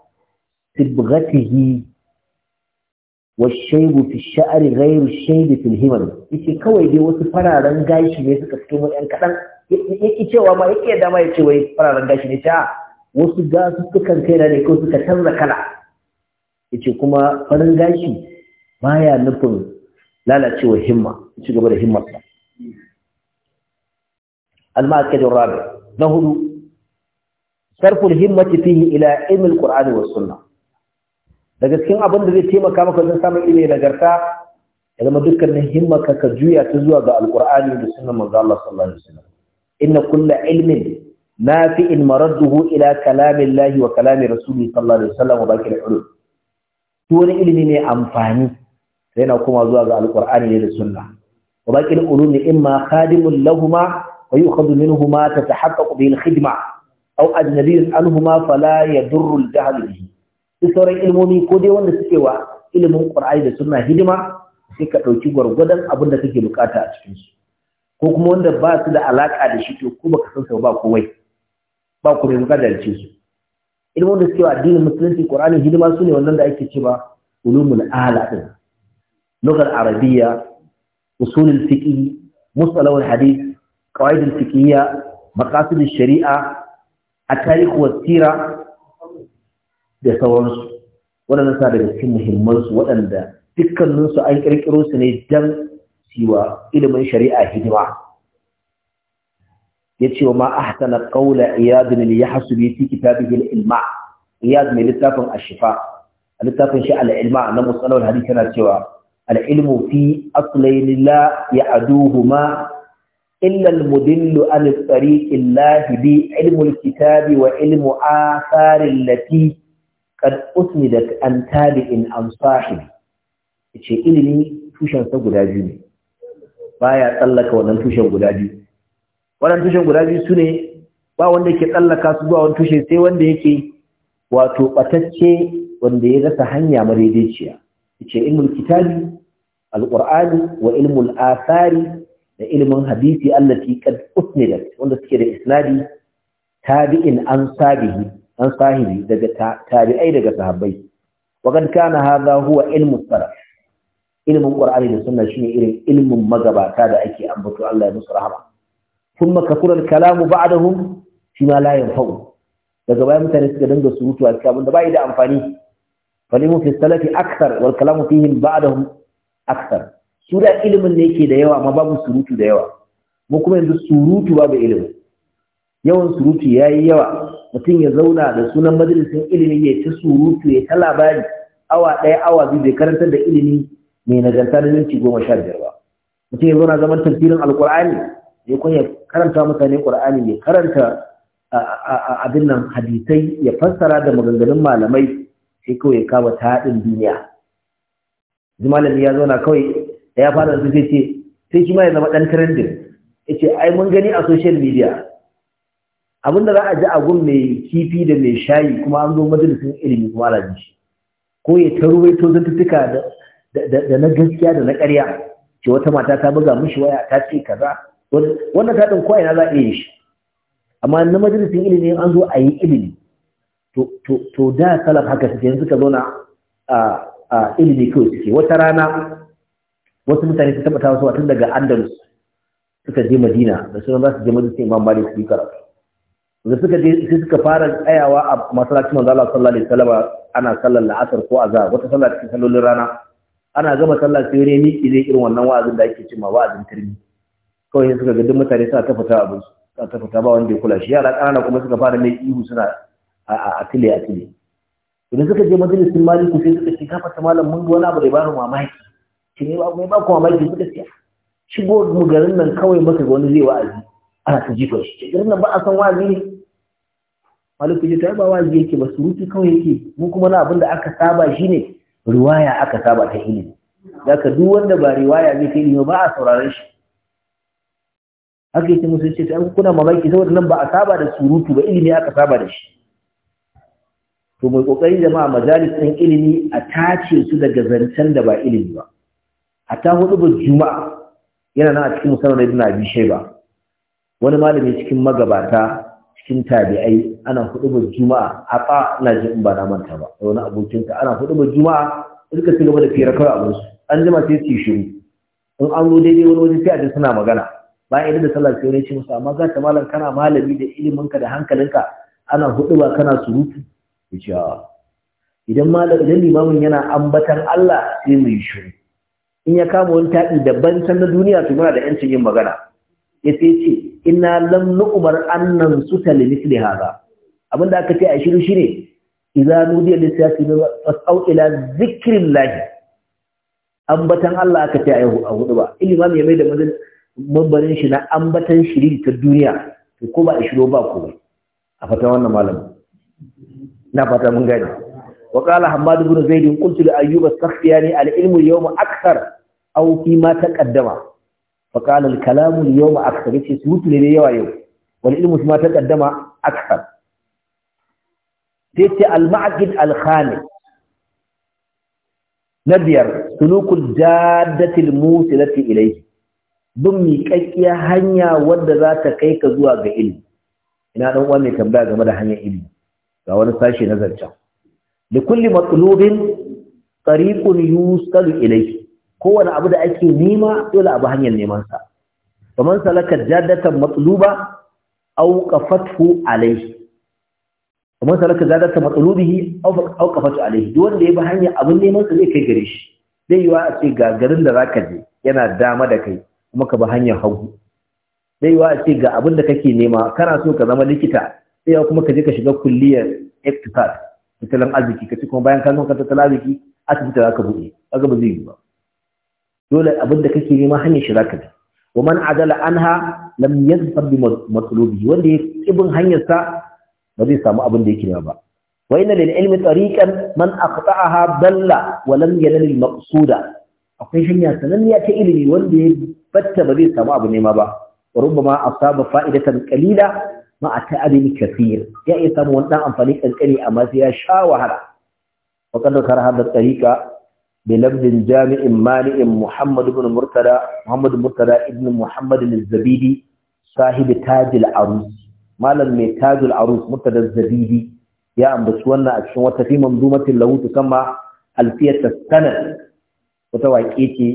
tibghatihi wa shaybu fi sha'ari ghairu shaybi fil himam yace kawai dai wasu fararen gashi ne suka fito mu yan kadan yake cewa ma yake da ma yace wai fararen gashi ne ta wasu gasu sukan kai ne ko suka canza kala yace kuma fararan gashi baya nufin lalacewa himma ci gaba da himmarsa al-ma'akadin rabi na hudu sarful himmati fihi ila ilmil qur'ani wa sunna daga cikin abin da zai taimaka maka wajen samun ilimi nagarta ya zama dukkanin himmaka ka juya ta zuwa ga alqur'ani da sunnan manzo Allah sallallahu alaihi wasallam inna kulla ilmin nafi'in maradduhu ila kalamillahi wa kalami rasuli sallallahu alaihi wasallam wa baqi al-ulum to wani ilimi ne amfani yana kuma zuwa ga alqur'ani da sunna wa baqil ulumi imma khadimun lahumma wa yukhadhu minhuma tatahaqqaqu bihi alkhidma aw ajnabiyyun anhuma fala yadurru aljahl bihi duk sauran ilmomi ko dai wanda suke wa ilimin qur'ani da sunna hidima sai ka dauki gwargwadon abin da kake bukata a cikin su ko kuma wanda ba su da alaka da shi to ko baka san sa ba kowai ba ku mai bukatar ce su ilmin da suke wa addinin musulunci qur'ani hidima su wannan da ake cewa ulumul ala din اللغه العربيه اصول الفقه مصطلح الحديث قواعد الفقهيه مقاصد الشريعه التاريخ والسيره بسوره ولا نسابق كنه المرس وأندى تلك النص أي كريك روس نجدم سوى إلى من شريعة هدوى يتشي وما أحسن قول عياد من يحسب في كتابه العلماء عياد من لتافن الشفاء لتافن شاء العلماء نمو صلى الله عليه وسلم العلم في أصلين لا يعدوهما إلا المدل عن الطريق الله بعلم الكتاب وعلم آثار التي قد أسندت عن تابع عن صاحب ce ilimi tushensa guda biyu ne baya tsallaka wannan tushen guda biyu wannan tushen guda biyu su ne ba wanda ke tsallaka su zuwa wani tushe sai wanda yake wato batacce wanda ya rasa hanya madaidaiciya yace ilmul kitabi alqur'ani wa ilmul athari da ilmin hadisi allati qad usnidat wanda suke da isnadi tabi'in an sabihi an sahibi daga tabi'ai daga sahabbai wa kad kana hadha huwa ilmus salaf ilmin qur'ani da sunna shine irin ilmin magabata da ake ambato Allah ya musu rahama kuma kafura kalamu ba'dahum shi ma la yanfa'u daga bayan mutane suka dinga surutu a cikin abin da bai da amfani falimu fi salafi akthar wal kalamu fihim ba'dahum akthar su da ilimin ne yake da yawa amma babu surutu da yawa mu kuma yanzu surutu babu ilimi yawan surutu yayi yawa mutum ya zauna da sunan majalisin ilimi ya ta surutu ya ta labari awa ɗaya awa biyu bai karantar da ilimi mai nagarta da minti goma sha biyar ba mutum ya zauna zaman tafsirin alkur'ani ya kun ya karanta mutane ƙur'ani mai karanta abin nan hadisai ya fassara da maganganun malamai sai kawai ya kama haɗin duniya ji malami ya zauna kawai da ya fara su sai ce sai shi ma ya zama ɗan trending ya ce ai mun gani a social media da za a ji a gun mai kifi da mai shayi kuma an zo majalisun ilimi kuma ala ji shi ko ya ta ruwaito da na gaskiya da na ƙarya ce wata mata ta buga mishi waya ta ce kaza wannan taɗin ko ina za a iya yi shi amma na majalisun ilimi an zo a yi ilimi to da salaf haka suke yanzu ka zauna a ilimi kawai suke wata rana wasu mutane su taɓa tasowa tun daga andalus suka je madina da suna za su je madina imam malik su yi karatu da suka je sai suka fara tsayawa a masallacin manzo Allah sallallahu alaihi wasallam ana sallar la'asar ko azhar wata sallar cikin sallolin rana ana gama sallar sai wani miki zai irin wannan wa'azin da ake cewa wa'azin turmi kawai suka ga duk mutane suna ta fita abin su suna ta fita ba wanda ya kula shi yara kana kuma suka fara mai ihu suna a a atile idan suka je majalisun maliku sai suka ce kafa ta malam mun wani abu da ba mamaki shi ne ba mai ba ku mamaki suka ce ah, shigo mu garin nan kawai maka ga wani zai wa'azi ana ta jifa shi garin nan ba a san wa'azi ne maliku ji ta ba wa'azi yake ba surutu kawai yake mu kuma na abin da aka saba shine riwaya aka saba ta ilimi ka duk wanda ba riwaya zai ta ilimi ba a sauraron shi haka yake musu ce ta kuna mamaki saboda nan ba a saba da surutu ba ilimi aka saba da shi to mu kokari jama'a majalis ɗin ilimi a tace su daga zancen da ba ilimi ba a ta hudu ba juma'a yana nan a cikin musamman ibn abi shayba wani malami cikin magabata cikin tabi'ai ana hudu ba juma'a a fa ina jin in ba na manta ba wani abokin ka ana hudu ba juma'a ka ci gaba da fira kawai abin su an jima sai su shiru in an zo daidai wani waje sai a ji suna magana Ba bayan da sallah sai wani ya ce musu amma ga ta malam kana malami da iliminka da hankalinka ana hudu ba kana surutu Idan idan malam idan limamin yana ambatan Allah sai mu yi shiru in ya kama wani taɗi daban can na duniya to muna da ƴancin yin magana ya sai ce ina lam nu'mar annan su li misli abin da aka ce a shiru shine idza nudiya lis siyasi fas'au ila zikrillah ambatan Allah aka ce a hudu ba ilimi ya mai da mabarin shi na ambatan shiri ta duniya to ko ba a shiro ba komai a fata wannan malamin na fata mun gani wa qala hamad ibn zaid qultu li ayyub as al ilm al-yawm akthar aw fi ma taqaddama fa qala al kalam al-yawm akthar yace surutu ne yawa yau wal ilmu fi ma taqaddama akthar yace al-ma'qid al-khamis nabiyar sulukul al musilati ilayhi bin miƙaƙƙiya hanya wanda za ta kai ka zuwa ga ilimi ina dan uwa mai tambaya game da hanyar ilimi ga wani sashe na zancen da kulli matsalobin tsarikun yusalu ilai kowane abu da ake nema dole abu hanyar nemansa kamar salakar jadatan matsaloba auƙafathu alai kamar salakar jadatan matsalobihi auƙafathu alai duk wanda ya bi hanyar abin nemansa zai kai gare shi zai wa a ce ga garin da ka je yana dama da kai kuma ka bi hanyar hagu zai wa a ce ga abin da kake nema kana so ka zama likita iya kuma ka ka shiga kulliyar iktisad tattalin arziki ka ci kuma bayan ka zama tattalin arziki asibiti za ka buɗe kaga ba zai yi ba dole abin da kake nema hanyar shi zaka bi wa man adala anha lam yadfar bi matlubihi wanda ya kibin hanyar sa ba zai samu abin da yake nema ba wa inna lil ilmi tariqan man aqta'aha dalla wa lam yanal al maqsuda akwai hanya sananniya ta ilimi wanda ya batta ba zai samu abu nema ba wa rubbama asaba fa'idatan ƙalila. ma a ta'abin kafir ya iya samu wani dan amfani kankani amma sai ya sha wahala wa kan dokar hada tariqa bi labdin jami'in mani'in muhammad ibn murtada muhammad murtada ibn muhammad al-zabidi sahibi tajil arus malam mai tajil arus murtada zabidi ya ambaci wannan a cikin wata fi manzumatin lahu kama alfiyat sanar. wata waƙe ce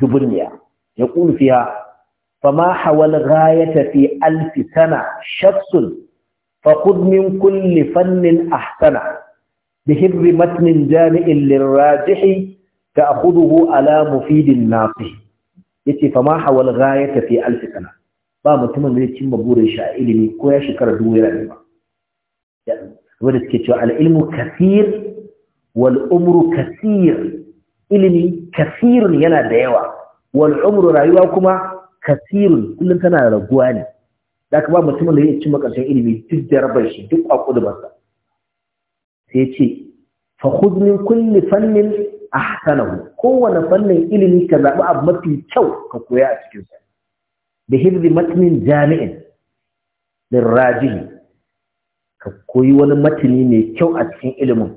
dubulniya ya ƙulu fiya فما حول غاية في ألف سنة شخص فخذ من كل فن أحسن بهر متن جامع للراجح تأخذه على مفيد الناصح yace fa ma hawal ghayata fi alf sana ba mutumin da yake cimma burin shi a ilimi ko ya shekara dubu ne ba wanda suke cewa al ilmu kathir wal umru kathir ilimi kathirun yana da yawa wal umru rayuwa kuma kasirun kullum tana raguwa ne da ka ba mutumin da ya ci makarshen ilimi duk da rabar shi duk a kudubarsa sai ce fa min kulli fannin ahsanahu kowane fannin ilimi ka zaɓi abu mafi kyau ka koya a cikin sa bi hibzi matnin jami'in lirrajihi ka koyi wani matini mai kyau a cikin ilimin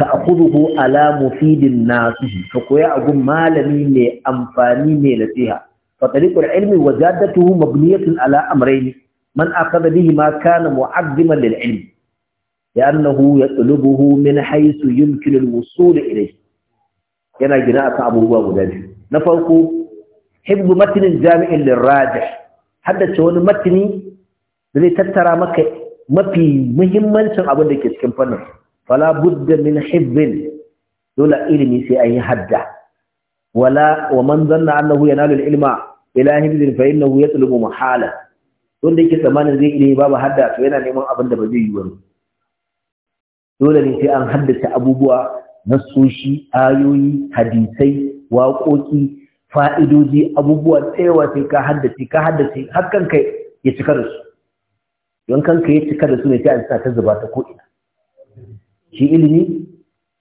ta'khudhu ala mufidin nasu, ka koya abun malami mai amfani mai nasiha fa tariqul ilmi wa jaddatuhu mabniyatun ala amrayn man akhadha bihi ma kana mu'azziman lil ilmi لأنه يطلبه من حيث يمكن الوصول إليه yana gina akan abubuwa guda biyu na farko hibbu matinin jami'in lirrajih haddace wani matini da zai tattara maka mafi muhimmancin abin da ke cikin fannin fala budda min hibbin dole ilimi sai an yi hadda wala wa man zanna annahu yanalu al-ilma ila hibbin fa innahu yatlubu muhala wanda yake zamanin zai ilimi babu hadda to yana neman abin da ba zai yi ba dole ne sai an haddace abubuwa na soshi ayoyi hadisai waƙoƙi fa'idoji abubuwa tsayawa sai ka haddace ka haddace hakan kai ya cika da su don kanka ya cika da su ne sai an sa ta zuba ta ko'ina shi ilimi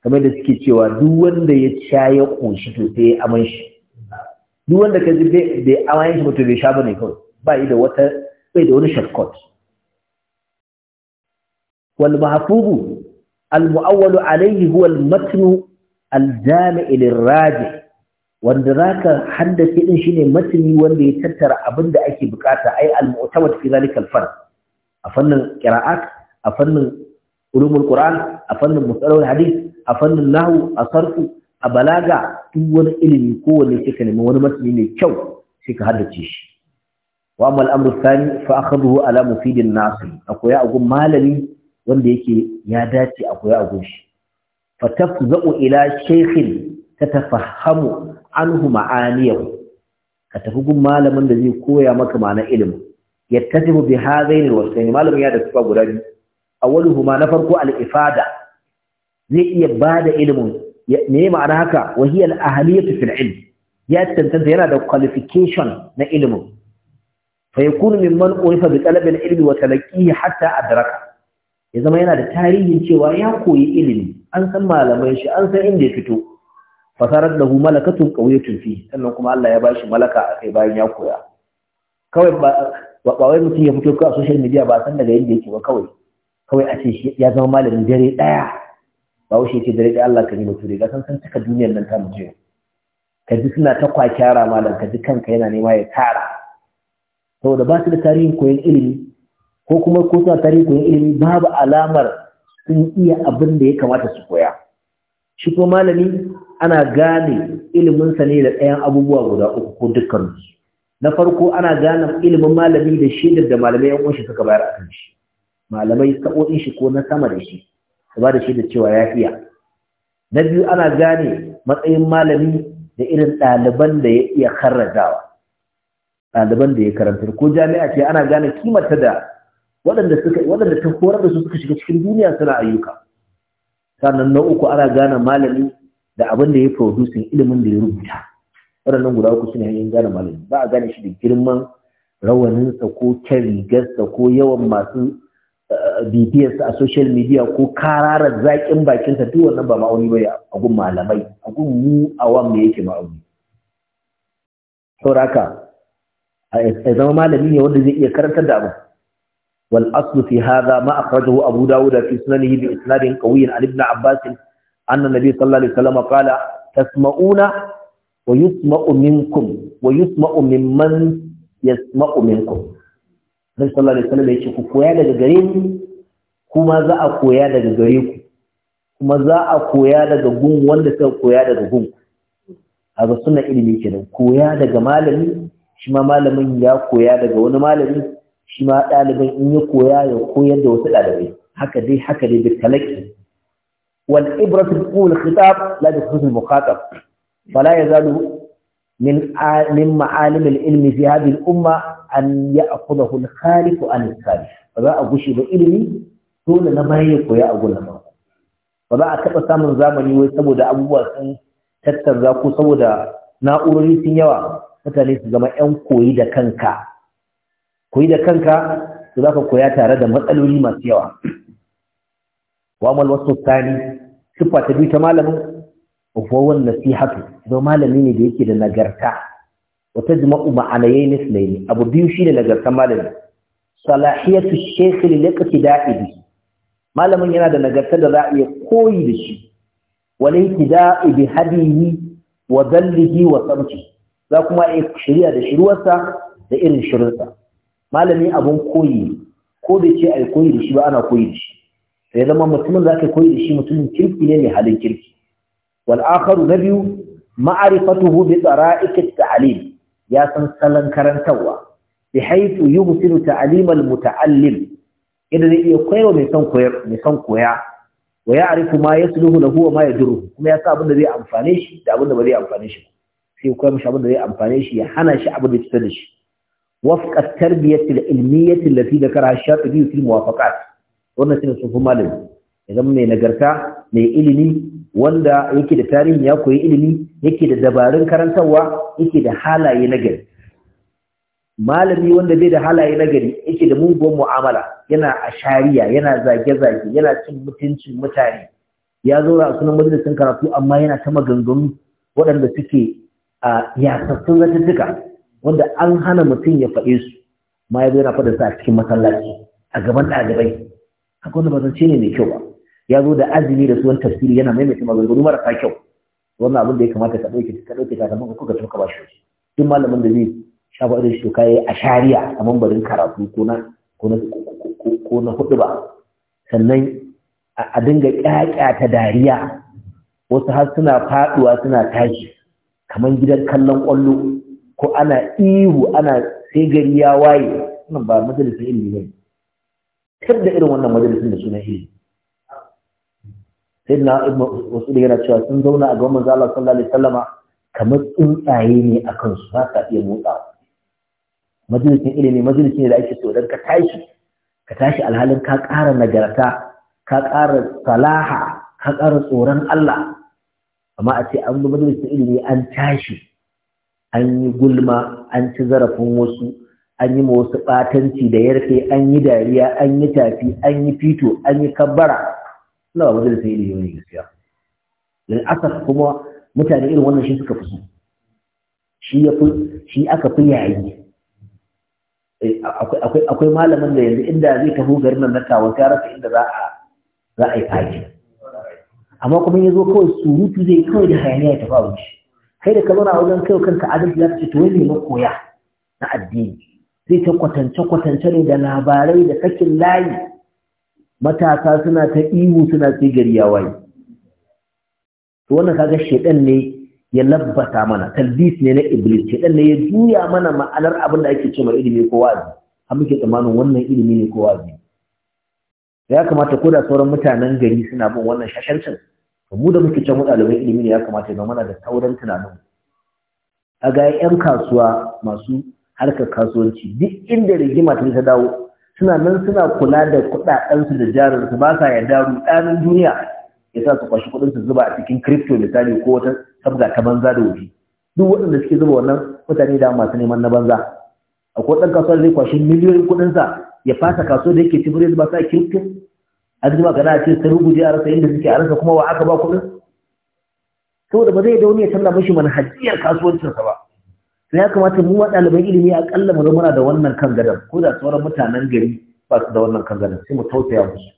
kamar da suke cewa duk wanda ya sha ya ƙunshi to sai ya aman shi duk wanda ka ji bai aman shi mutum bai sha ne kawai ba yi da wata bai da wani shortcut wal mahfuzu al mu'awwalu alayhi huwa al matn al jami' lil rajih wanda zaka haddace din shine matni wanda ya tattara abin da ake bukata ai al mu'tamad fi zalika al a fannin qira'at a fannin ulumul qur'an a fannin musalawul hadith a fannin nahu, a sarfu a balaga duk wani ilimi kowanne sai ka nemi wani masani mai kyau sai ka haddace shi wa amma al'amru thani fa akhadhu ala mufidin nasi akwai agun malami wanda yake ya dace akwai agun shi fa tafza'u ila shaykhin tatafahhamu anhu ma'aniyahu ka tafi gun malamin da zai koya maka ma'anar ilimin yattajibu bi hadhaini alwasfaini malamin ya da suka guda biyu ma na farko al-ifada zai iya bada ilimin me ma'ana haka wa hiya al-ahliyatu fil ilm ya tantance yana da qualification na ilimin fa yakunu mimman urifa bi talab al-ilmi wa talaqihi hatta adraka ya zama yana da tarihin cewa ya koyi ilimi an san malamai shi an san inda ya fito fasarar da malakatun qawiyatun fi sannan kuma Allah ya bashi malaka kai bayan ya koya kawai ba wai mutum ya fito a social media ba san daga inda yake ba kawai kawai a ce ya zama malamin dare ɗaya ba wuce ce dare ɗaya Allah ka nima ture ga san san cika duniyar nan ta mutu ka ji suna ta kwakyara malam ka ji kanka yana nema ya tara saboda ba su da tarihin koyon ilimi ko kuma ko suna tarihin koyon ilimi babu alamar sun iya abin da ya kamata su koya shi ko malami ana gane iliminsa ne da ɗayan abubuwa guda uku ko dukkan su, na farko ana gane ilimin malami da shi da malamai yan uwanshi suka bayar a kan shi malamai sa'o'in shi ko na sama da shi su ba da shi da cewa ya iya na biyu ana gane matsayin malami da irin ɗaliban da ya iya karrazawa ɗaliban da ya karanta ko jami'a ce ana gane kimarta da waɗanda suka waɗanda ta horar da su suka shiga cikin duniya suna ayyuka sannan na uku ana gane malami da abin da ya produce ilimin da ya rubuta waɗannan guda uku suna hanyoyin gane malami ba a gane shi da girman rawaninsa ko kyan rigarsa ko yawan masu bibiyarsa a social media ko kararar zaƙin bakinsa duk wannan ba ma'auni ba a gun malamai a gun mu a me yake ma'auni sauraka a zama malami ne wanda zai iya karantar da abu wal aslu fi hadha ma akhrajahu abu dawud fi sunanihi bi isnadin qawiyyin an ibn abbas anna nabiy sallallahu alaihi wasallam qala tasma'una wa yusma'u minkum wa yusma'u mimman yasma'u minkum Nabi sallallahu alaihi wasallam ya ku koya daga gare ni kuma za a koya daga gare ku kuma za a koya daga gun wanda suka koya daga gun a ga suna ilimi kenan koya daga malami shi ma malamin ya koya daga wani malami shi ma ɗaliban in ya koya ya koyar da wasu ɗalibai haka dai haka dai bil talaqi wal ibratu bil khitab la bi al fala yazalu min min ma'alim al-ilmi fi hadhihi umma an a al-khaliq an al-khaliq ba za a gushe ilimi dole na baya koya a gurin ba ba za a taɓa samun zamani wai saboda abubuwa sun tattarza ko saboda na'urori sun yawa mutane su zama 'yan koyi da kanka koyi su za ka koya tare da matsaloli masu yawa wamal wasu tsani siffa ta biyu ta malamin wawan nasihatu don malami ne da yake da nagarta wata jima'u ma'anayi nislaini abu biyu shi ne nagarta malami salahiyatu shekhi lokaci da'ibi malamin yana da nagarta da za a iya koyi da shi wani da'i bi hadihi wa zallihi wa samci za kuma iya shirya da shiruwarsa da irin shirinsa malami abun koyi ko da ce a koyi da shi ba ana koyi da shi sai zama mutumin za ka koyi da shi mutumin kirki ne mai halin kirki Wal'akaru na biyu ma'arifatuhu bi tsara'ik at-ta'lim ya san salon karantarwa. bi haythu yughsilu ta'lim al-muta'allim idan zai iya koyarwa mai son koya wa ya'rifu ma yasluhu lahu wa ma yadurru kuma ya sa abin da zai amfane shi da abin da ba zai amfane shi sai abin da zai amfane shi ya hana shi da cutar da shi wafqa at-tarbiyati al-ilmiyyati wannan malami ya mai nagarta mai ilimi wanda yake da tarihi ya koyi ilimi yake da dabarun karantarwa yake da halaye nagari. malami wanda bai da halaye nagari, yake da muguwar mu'amala yana a shari'a yana zage-zage yana cin mutuncin mutane ya zo a sunan majalisun karatu amma yana ta maganganu waɗanda suke a yasassun zatuttuka wanda an hana mutum ya faɗe su ma ya zo yana faɗa sa a cikin masallaci a gaban ɗalibai haka wanda ba ce ne mai kyau ba ya zo da azumi da suwan tafsiri yana maimaita maganganu marasa kyau wannan abin da ya kamata ka ɗauke ka ɗauke ka kamar kuka tuka ba shi duk malamin da zai shafa irin shi yi a shari'a a mambarin karatu ko na ko na hudu ba sannan a dinga ƙyaƙyata dariya wasu har suna faɗuwa suna tashi kamar gidan kallon ƙwallo ko ana ihu ana sai gari ya waye wannan ba majalisin ilimi ne kar da irin wannan majalisin da sunan ilimi sai na wasu yana cewa sun zauna a gaban manzo sallallahu alaihi wasallama kamar tsuntsaye ne a kansu za ka iya motsa. majalisin ilimi majalisi ne da ake so dan ka tashi ka tashi alhalin ka ƙara nagarta ka ƙara salaha ka ƙara tsoron Allah amma a ce an bi majalisin ilimi an tashi an yi gulma an ci zarafin wasu an yi wasu ɓatanci da yarfe an yi dariya an yi tafi an yi fito an yi kabbara suna ba majalisar ilimi ne gaskiya dan aka kuma mutane irin wannan shi suka fi so shi ya fi shi aka fi yayi eh, akwai akwai malamin da yanzu inda zai tafi garin nan na kawo ya rasa inda za a yi faki amma kuma ya zo kawai surutu zai kawai da hayaniya ya tafi abinci kai da ka zauna a wajen kai kanka adalci za ka ce to wani ne koya na addini zai ta kwatance kwatance ne da labarai da sakin layi matasa suna ta ihu suna sai gari ya waye to wannan kaga shedan ne ya labbata mana talbis ne na iblis shedan ne ya juya mana ma'anar abin da ake cewa ilimi ko wazi har muke tsammanin wannan ilimi ne ko wazi ya kamata ko da sauran mutanen gari suna bin wannan shashancin mu da muke can ɗaliban ilimi ne ya kamata ya mana da sauran tunanin a ga 'yan kasuwa masu harkar kasuwanci duk inda rigima ta ta dawo suna nan suna kula da kuɗaɗensu da jarinsu ba sa yarda rudanin duniya ya sa su kwashi kuɗin su zuba a cikin crypto misali ko wata sabga ta banza da wuri duk waɗanda suke zuba wannan mutane da masu neman na banza akwai ɗan kasuwar zai kwashi miliyoyin kuɗinsa ya fasa kaso da yake cibiyar zuba sa crypto a zuba gana a ce sun a rasa inda suke a rasa kuma wa aka ba kuɗin saboda ba zai da wani ya canza mashi manhajiyar kasuwancinsa ba da ya kamata mu wa ɗaliban ilimi a ƙalla mu muna da wannan kan gadon ko da sauran mutanen gari ba su da wannan kan gadon sai mu tausaya musu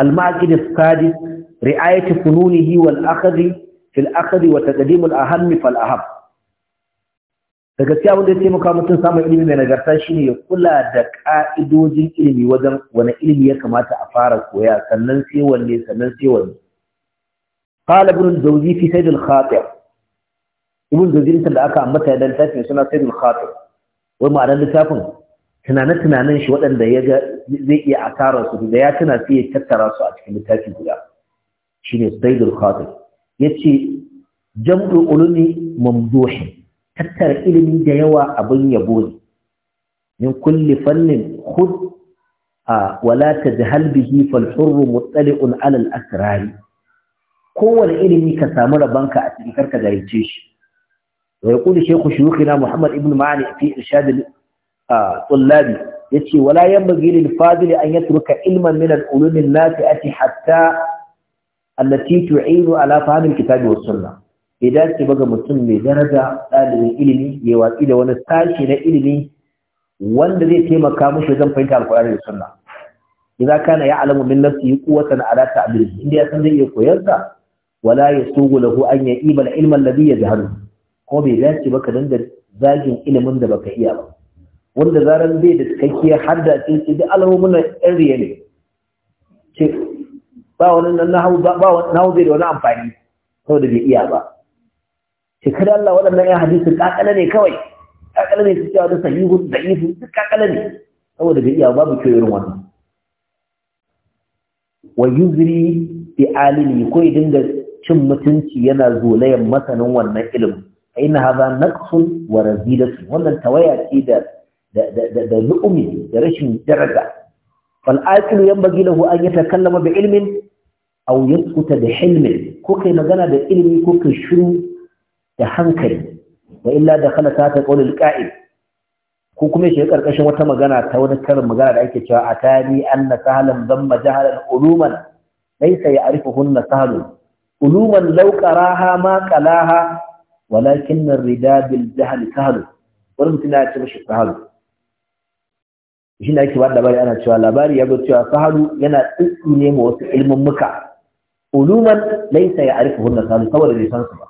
al-maqid al-sadis ri'ayat fununihi wal akhdhi fil akhdhi wa taqdim al-aham fal aham da gaskiya wanda ya taimaka mutum samun ilimi mai nagarta shine ya kula da ka'idojin ilimi wajen wani ilimi ya kamata a fara koya sannan sai wanne sannan sai wanne qala ibn al-jawzi fi sayd al-khatib ibn jazir da aka ambata ya dan tafi suna sayyidul khatib wai ma'anar littafin tunanen tunanen shi waɗanda ya ga zai iya asara su da ya tuna sai ya tattara su a cikin littafi guda shine sayyidul khatib yace jam'u ulumi mamduhi tattara ilimi da yawa abin yabo ne min kulli fannin khud wala tajhal bihi fal hurr muttali'un ala al asrar kowane ilimi ka samu rabanka a cikin karka garice shi ويقول شيخ شيوخنا محمد ابن معاني في إرشاد الطلاب يتي ولا ينبغي للفاضل أن يترك علما من العلوم النافعة حتى التي تعين على فهم الكتاب والسنة idan ki baga mutum mai daraja ɗalibin ilimi ya watsi da wani sashi na ilimi wanda zai taimaka mishi wajen fahimta alkur'ani da sunna idan kana ya alamu min nafsi quwwatan ala ta'bir inda ya san zai iya wala da wala yasugu lahu an ya'iba al-ilma alladhi yajhalu ko bai dace ba ka danda zagin ilimin da baka iya ba wanda zaran bai da cikakkiyar da ce ce duk alamomin nan yan riya ne ce ba wani nan hau ba hau bai da wani amfani saboda bai iya ba ce kada Allah waɗannan yan hadisi kakala ne kawai kakala ne su cewa da sahihu da ifin duk kakala ne saboda bai iya babu kyau irin wannan wa yuzri bi alimi ko idan dinga cin mutunci yana zolayen masanin wannan ilimin fa inna hadha naqsun wa razilatun wannan tawaya ce da da lu'umi da rashin daraja fal aqil yanbaghi lahu an yatakallama bi ilmin aw da bi hilmin ko kai magana da ilimi ko kai shiru da hankali wa illa dakhala ta ta qawlil qa'id ko kuma shi karkashin wata magana ta wani karin magana da ake cewa atani anna sahlan dhamma jahalan uluman laysa ya'rifuhunna sahlun uluman law qaraha ma qalaha walakin nan rida bil jahal kahalu wani mutum na ce mashi ake ba labari ana cewa labari ya zo cewa sahalu yana tsitsi ne ma wasu ilmin muka uluman laisa ya arifa hunna sahalu saboda bai san su ba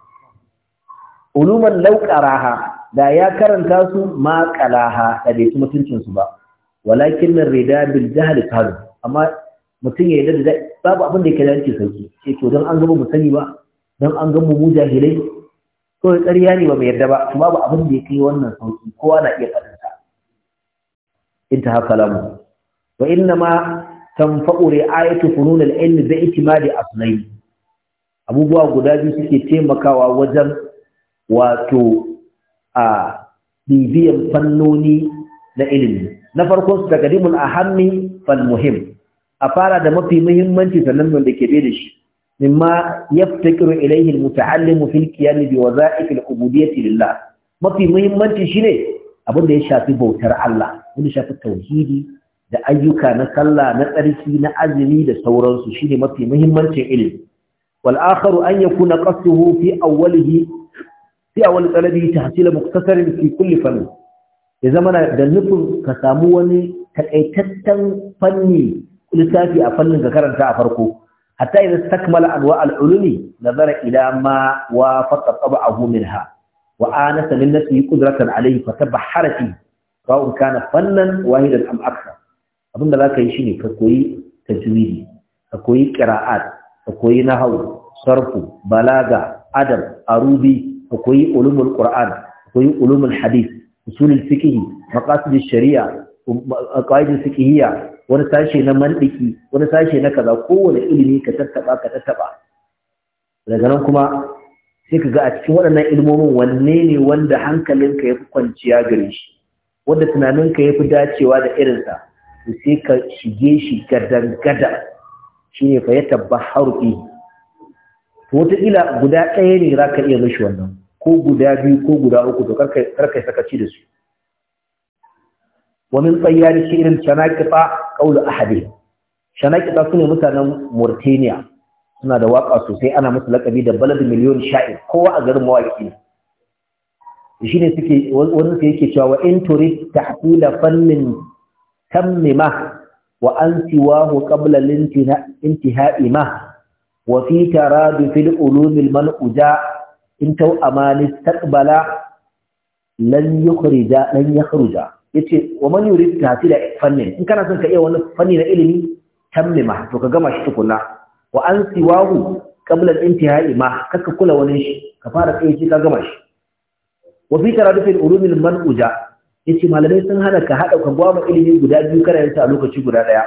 uluman lauƙaraha da ya karanta su ma ƙalaha da bai ci mutuncin su ba walakin nan rida bil jahal sahalu amma mutum ya yarda da babu abin da yake da yake sauki ce to don an gama mu sani ba don an gama mu jahilai kawai ƙarya ne ba mai yarda ba babu abin da ya kai wannan sauki kowa na iya In ta haka lamu wa inna ma tanfa'u ri'ayatu funun al-ilm bi itimadi asnayn abubuwa guda biyu suke taimakawa wajen wato a bibiyan fannoni na ilimi na farko su daga dimun ahammi fal muhim a fara da mafi muhimmanci sannan da ke bai da shi mimma yaftakiru ilayhi almutaallimu fil qiyam bi wazaif al-ubudiyyati lillah mafi muhimmanci shine abin da ya shafi bautar Allah wanda shafi tauhidi da ayyuka na sallah na tsarki na azumi da sauransu shine mafi muhimmancin ilimi wal akharu an yakuna qasduhu fi awwalihi fi awwal talabi tahsil muktasar fi kulli fann ya zama da nufin ka samu wani takaitaccen fanni lissafi a fannin ka karanta a farko hatta idan takmala anwa al-ulumi nazara ila ma wa faqa tab'ahu minha wa anasa lin nafsi qudratan alayhi fa tabahhara fi sawun kana fannan wahidan am akthar za zaka yi shine ka koyi tajwidi ka koyi qira'at ka koyi nahwu sarfu balaga adab arubi ka koyi ulumul ƙur'an, ka koyi ulumul hadith usulul fiqh maqasid ash-shari'a qawaid fiqhiyya wani sashe na mandiki wani sashe na kaza kowane ilimi ka tattaba ka tattaba daga nan kuma sai ka ga a cikin waɗannan ilmomin wanne ne wanda hankalinka ya fi kwanciya gare shi wanda tunaninka ya fi dacewa da irinsa to sai ka shige shi gadan gada shi ne fa ya tabba to wataƙila guda ɗaya ne za ka iya mashi wannan ko guda biyu ko guda uku to karka sakaci da su ومن طيار شعر الشناقطة قول أحدهم شناقطة sune mutanen مورتينيا suna da waka sosai ana musu lakabi da balad miliyon sha'ir kowa a garin mawaki shine suke wannan yake cewa wa in fannin tammima wa an siwahu qabla intihai ma wa fi taradu fil ulum al manquja in taw amani istaqbala lan yukhrija lan yakhruja yace wa man yurid da fannin in kana son ka iya wani fanni na ilimi tammima to ka gama shi tukuna wa an siwahu qabla al-intihai ma kaka kula wani shi ka fara kai shi ka gama shi wa fi taraduf al-ulum al-man'uja yace malamai sun hana ka haɗa ka gwama ilimi guda biyu karanta a lokaci guda ɗaya.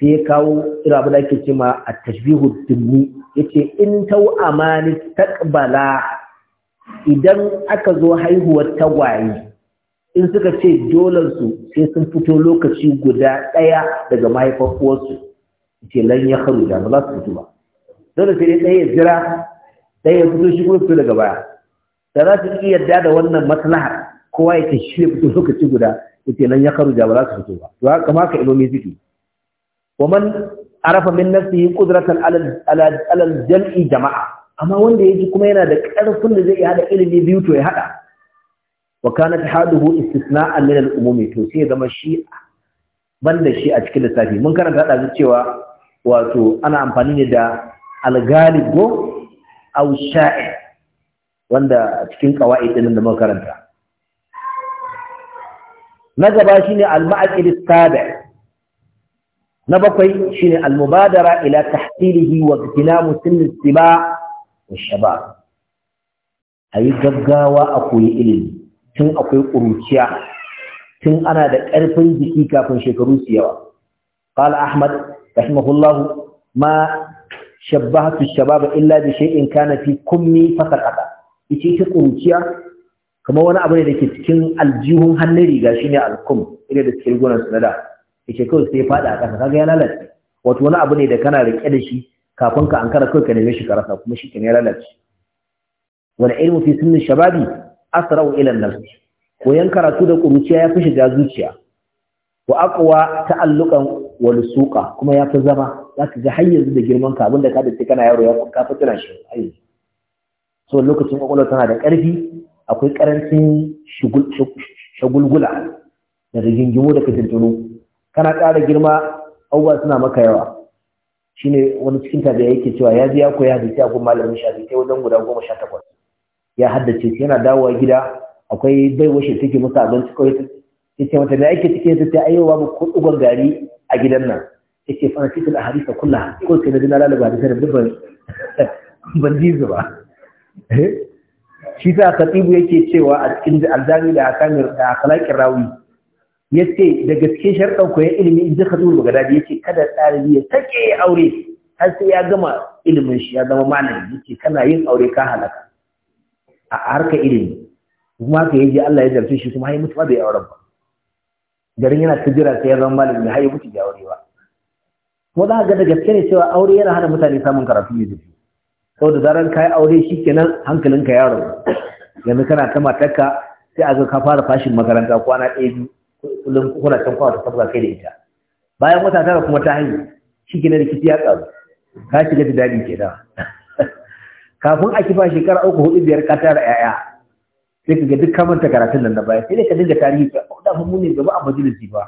sai ya kawo ira abu da ake cewa at-tashbihu Ya yace in tau amani taqbala idan aka zo haihuwar tagwaye in suka ce dolarsu sai sun fito lokaci guda ɗaya daga mahaifar uwarsu ce lan ya haru da ba za su fito ba dole sai dai ɗaya ya jira ɗaya ya fito shi kuma fito daga baya da za su iya yarda da wannan maslaha kowa ya ce shi ya fito lokaci guda ya ce lan ya haru da ba za su fito ba to haka ma ka ilomi suke waman arafa min nafsihi qudratan ala ala jam'i jama'a amma wanda yaji kuma yana da ƙarfin da zai iya hada ilimi biyu to ya hada wa kanat haduhu istisna'an min al-umumi to sai zama shi banda shi a cikin lissafi mun karanta da cewa wato ana amfani ne da al-ghalib sha'i wanda cikin qawaid din da muka karanta na gaba shine al-ma'aqid as na bakwai shine al-mubadara ila tahsilihi wa iktilamu sinn siba wa shabab ayi gaggawa a koyi ilimi tun akwai ƙuruciya tun ana da ƙarfin jiki kafin shekaru su yawa Ƙala ahmad rahimahullahu ma shaba shababa illa da shay'in kana fi kummi fasaqata Ice ita ƙuruciya kamar wani abu ne da ke cikin aljihun hannun riga shi ne alkum ina da cikin gonar sanada Ice kawai sai fada a ƙasa kaga ya lalace wato wani abu ne da kana rike da shi kafin ka ankara kawai ka neme shi ka rasa kuma shi ya lalace Wani ilmu fi sunni shababi asra'u ila nafsi nafs koyan karatu da kuruciya fi shiga zuciya wa aqwa ta'alluqan wal suqa kuma fi zama zaka ga har yanzu da girman ka abinda ka dace kana yaro ya ka fitina shi ai so lokacin kokolo tana da karfi akwai ƙarancin shagulgula da rigingimu da fitintunu kana ƙara girma abubuwa suna maka yawa shine wani cikin da yake cewa ya biya ko ya hadisi a kuma malamin shafi kai wajen guda goma sha takwas ya haddace shi yana dawowa gida akwai baiwa shi take masa abinci kawai ta ce mata me ake cikin ta ce ba babu kuɗugon gari a gidan nan ta ce cikin a kulla ko sai na jina lalaba da sanar dubban *laughs* ban jizu ba eh, shi ta katibu yake cewa a cikin aljami da akamir da akalakin rawi yace da gaske sharɗan ya ilimi in ji khatibu bagadadi yace kada ɗalibi ya take aure har sai ya gama ilimin shi ya zama malami yace kana yin aure ka halaka a harka ilimi kuma ka yaji Allah ya jarfe shi kuma hayi mutu ba bai auren ba garin yana tijira sai ya zama malami hayi mutu ya aure ba kuma za ga da gaske ne cewa aure yana hana mutane samun karatu mai zurfi saboda zaran kai aure shikenan hankalinka ya rabu yanzu kana ta matarka sai a ga ka fara fashin makaranta kwana ɗaya biyu kullum kuna can kwana ta sabga kai da ita bayan wata tara kuma ta haihu shikenan rikici ya ƙaru ka shiga da daɗi da kafin a kifa shekara uku hudu biyar ka tara yaya sai ka ga duk kamar ta karatun nan na baya sai dai ka dinga tarihi ka oh, da mu ne gaba a majalisi ba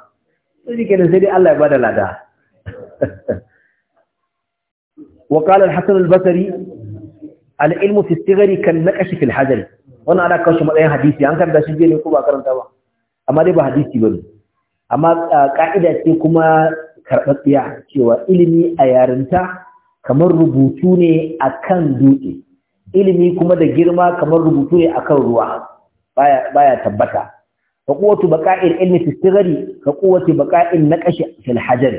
sai dai kenan sai dai Allah ya bada lada *laughs* wa qala al-hasan al-basri al-ilmu fi al sighri kan naqash fi al-hajar wannan ana kawo shi matsayin hadisi an karanta shi ne ko ba karanta ba amma dai ba hadisi bane amma ah, ka'ida ce kuma karɓaɓɓiya cewa ilimi a yarinta kamar rubutu ne a kan dutse ilimi kuma da girma kamar rubutu ne a kan ruwa baya tabbata Ka kowace baka'in ilmi fi ka ka baka'in baqa'il naqash fil hajar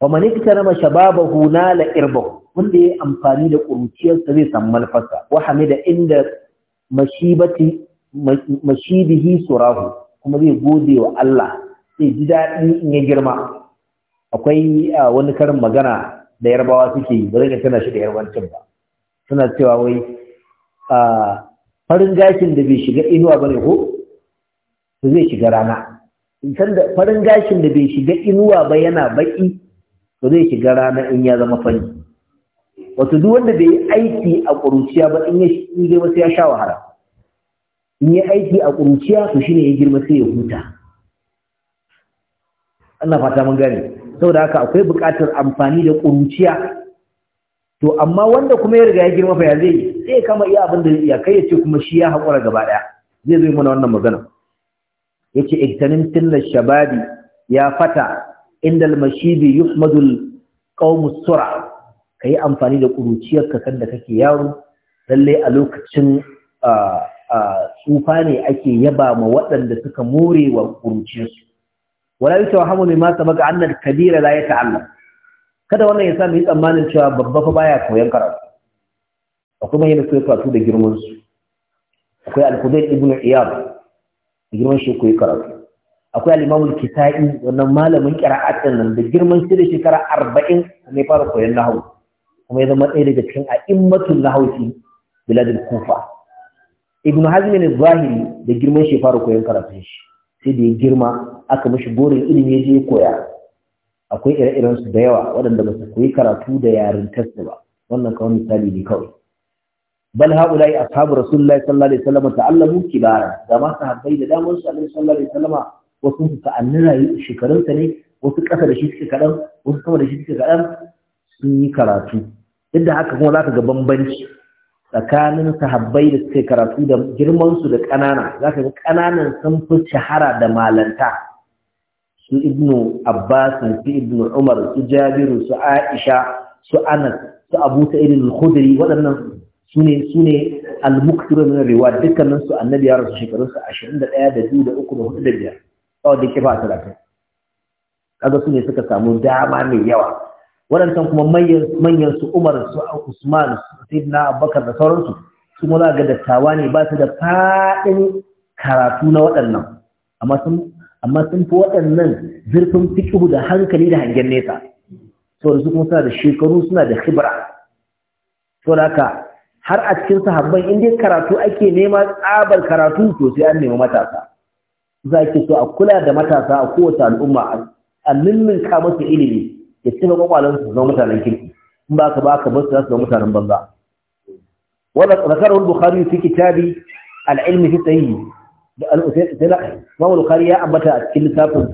fa man iktarama huna la irbahu wanda yi amfani da ƙuruciyarsa zai samu manufarsa wa hamida inda mashibihi mashidihi surahu kuma zai gode wa Allah sai ji daɗi in ya girma akwai ah, wani karin magana da yarbawa suke yi ba zai tana shi da yarbancin ba suna cewa wai farin gashin da bai shiga inuwa ba ne ko to zai shiga rana san da farin gashin da bai shiga inuwa ba yana baki to zai shiga rana in ya zama fari wato duk wanda bai aiki a ƙuruciya ba in ya girma sai ya sha wahala in yi aiki a ƙuruciya to shine ya girma sai ya huta Allah fata mun gane saboda haka akwai buƙatar amfani da ƙuruciya to amma wanda kuma ya riga ya girma fa ya zai yi sai kama iya abin da ya kai ya ce kuma shi ya haƙura gaba ɗaya zai zai mana wannan magana ya ce iktanin tillar shababi ya fata inda almashibi yuhmadul qawmus sura kai amfani da ƙuruciyar ka da kake yaro lalle a lokacin ah, ah, tsufa ne ake yaba ma waɗanda suka more wa ƙuruciyarsu wala yutawahamu mimma ta anna al-kabira la yata'allam kada wannan ya sa mu yi tsammanin cewa babba fa baya koyon karatu akwai mahimmin koyi karatu da girman su akwai al-qudayr ibn iyad da girman shi koyi karatu akwai al-imam al-kisa'i wannan malamin qira'atin nan da girman shi da shekara 40 ne fara koyon nahwu kuma ya zama ɗaya daga cikin a'immatul nahwu biladul kufa ibn hazm al zahiri da girman shi fara koyon karatun shi sai da ya girma aka mashi burin ilimi ya je koya akwai ire-iren su da yawa waɗanda ba su koyi karatu da yaren kasta ba wannan kawai misali ne kawai bal haulai ashabu rasulullahi sallallahu alaihi wasallam ta'allamu kibara da ma sahabbai da damar su alaihi sallallahu alaihi wasallam wasu su ta'anni rayu shekarun ta ne wasu ƙasa da shi suke kaɗan wasu sama da shi suke kaɗan sun yi karatu duk da haka kuma zaka ga bambanci tsakanin sahabbai da suke karatu da girmansu da ƙanana za ka ga ƙananan sun fi shahara da malanta su ibnu abbas su ibnu umar su jabiru su aisha su anas su abu ta al-khudri waɗannan su ne su ne almuktura na min riwa dukkanin su annabi ya rasu shekarun su 21 da 2 da 3 da 4 da 5 kawai da kifa 30 kaga su ne suka samu dama mai yawa waɗancan kuma manyan su umar su usman su sidna abubakar da sauransu su ma za ga dattawa ne ba su da faɗin karatu na waɗannan amma sun fi waɗannan zurfin fikihu da hankali da hangen nesa saboda su kuma suna da shekaru suna da khibra To haka har a cikin sahabban in dai karatu ake nema tsabar karatu to sai an nemi matasa za ki so a kula da matasa a kowace al'umma a ka musu ilimi ya cika kwakwalen su zama mutanen kirki in ba ka ba ka basu za su zama mutanen banza wanda zakarun bukhari fi kitabi al-ilmi fi sahih da al-usayd Imam ya ambata a cikin littafin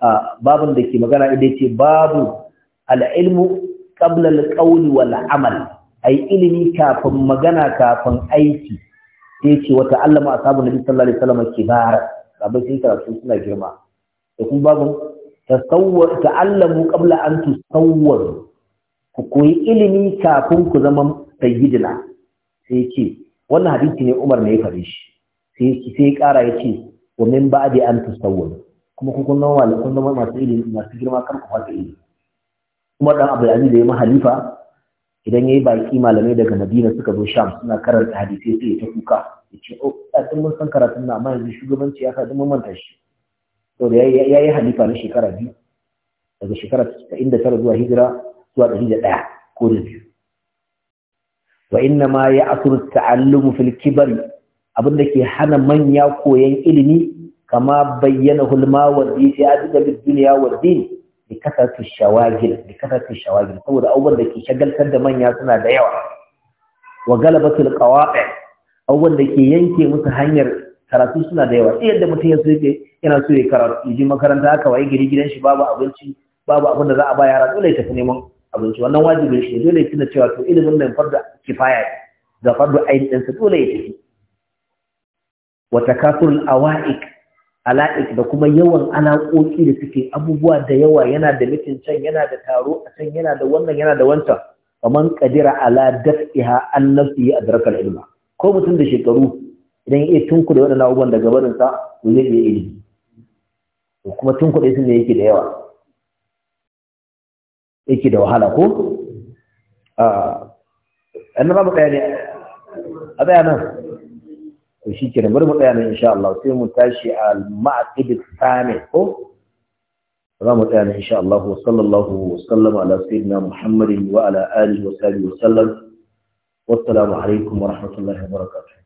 a babin da ke magana inda ce babu al'ilmu, kablal kauli al wal amal ai ilimi kafin magana kafin aiki Ya ce wata allama ashabu nabi sallallahu alaihi wasallam kibar sabai sun karatu suna girma da kuma babu tasawwar ta'allamu qabla an tusawwar ku koyi ilimi kafin ku zama sayyidina sai ce wannan hadisi ne Umar ne ya fare shi sai sai ya yake wa min ba'di an tusawwar kuma ku kunna wala kun masu ilimi masu girma kar ku fata ilimi Umar dan Abu Ali da ya mahalifa idan yayi baki malamai daga Madina suka zo Sham suna karanta hadisi sai ta kuka yace oh a mun san karatun na amma yanzu shugabanci ya sa mun manta shi saboda ya yi halifa na shekara biyu daga shekara 90 da tara zuwa hijira zuwa 101 ko da biyu wa inna ma ya asuru ta'allumu fil kibari abinda ke hana manya koyan ilimi kama bayyana hulma wa dini a duka duniya wa din bi kasatu shawagil bi kasatu shawagil saboda abubuwan da ke shagaltar da manya suna da yawa wa galabatul qawa'i abubuwan da ke yanke musu hanyar karatu suna da yawa yadda mutum ya so yake yana so ya karatu ya makaranta haka waye gidi gidan shi babu abinci babu abin da za a ba yara dole ya tafi neman abinci wannan wajibin shi dole ya tuna cewa to ilimin nan farda kifaya ga farda din ɗinsa dole ya tafi wa takasurul awa'ik ala'ik da kuma yawan alaƙoƙi da suke abubuwa da yawa yana da mitin can yana da taro a can yana da wannan yana da wancan Kamar kadira ala daf'iha annabi nafsi ya adrakal ilma ko mutum da shekaru idan ya iya tunku da waɗannan abubuwan daga barinsa to zai iya ilimi kuma tunku da sun da yake da yawa yake da wahala ko a nan mu ɗaya ne a tsaya nan to shi kenan bari mu ɗaya nan insha Allah sai mu tashi al ma'aqid sami ko za mu tsaya nan insha Allah wa sallallahu wa ala sayyidina Muhammadin wa ala alihi wa sahbihi wa sallam wassalamu alaikum wa rahmatullahi wa barakatuh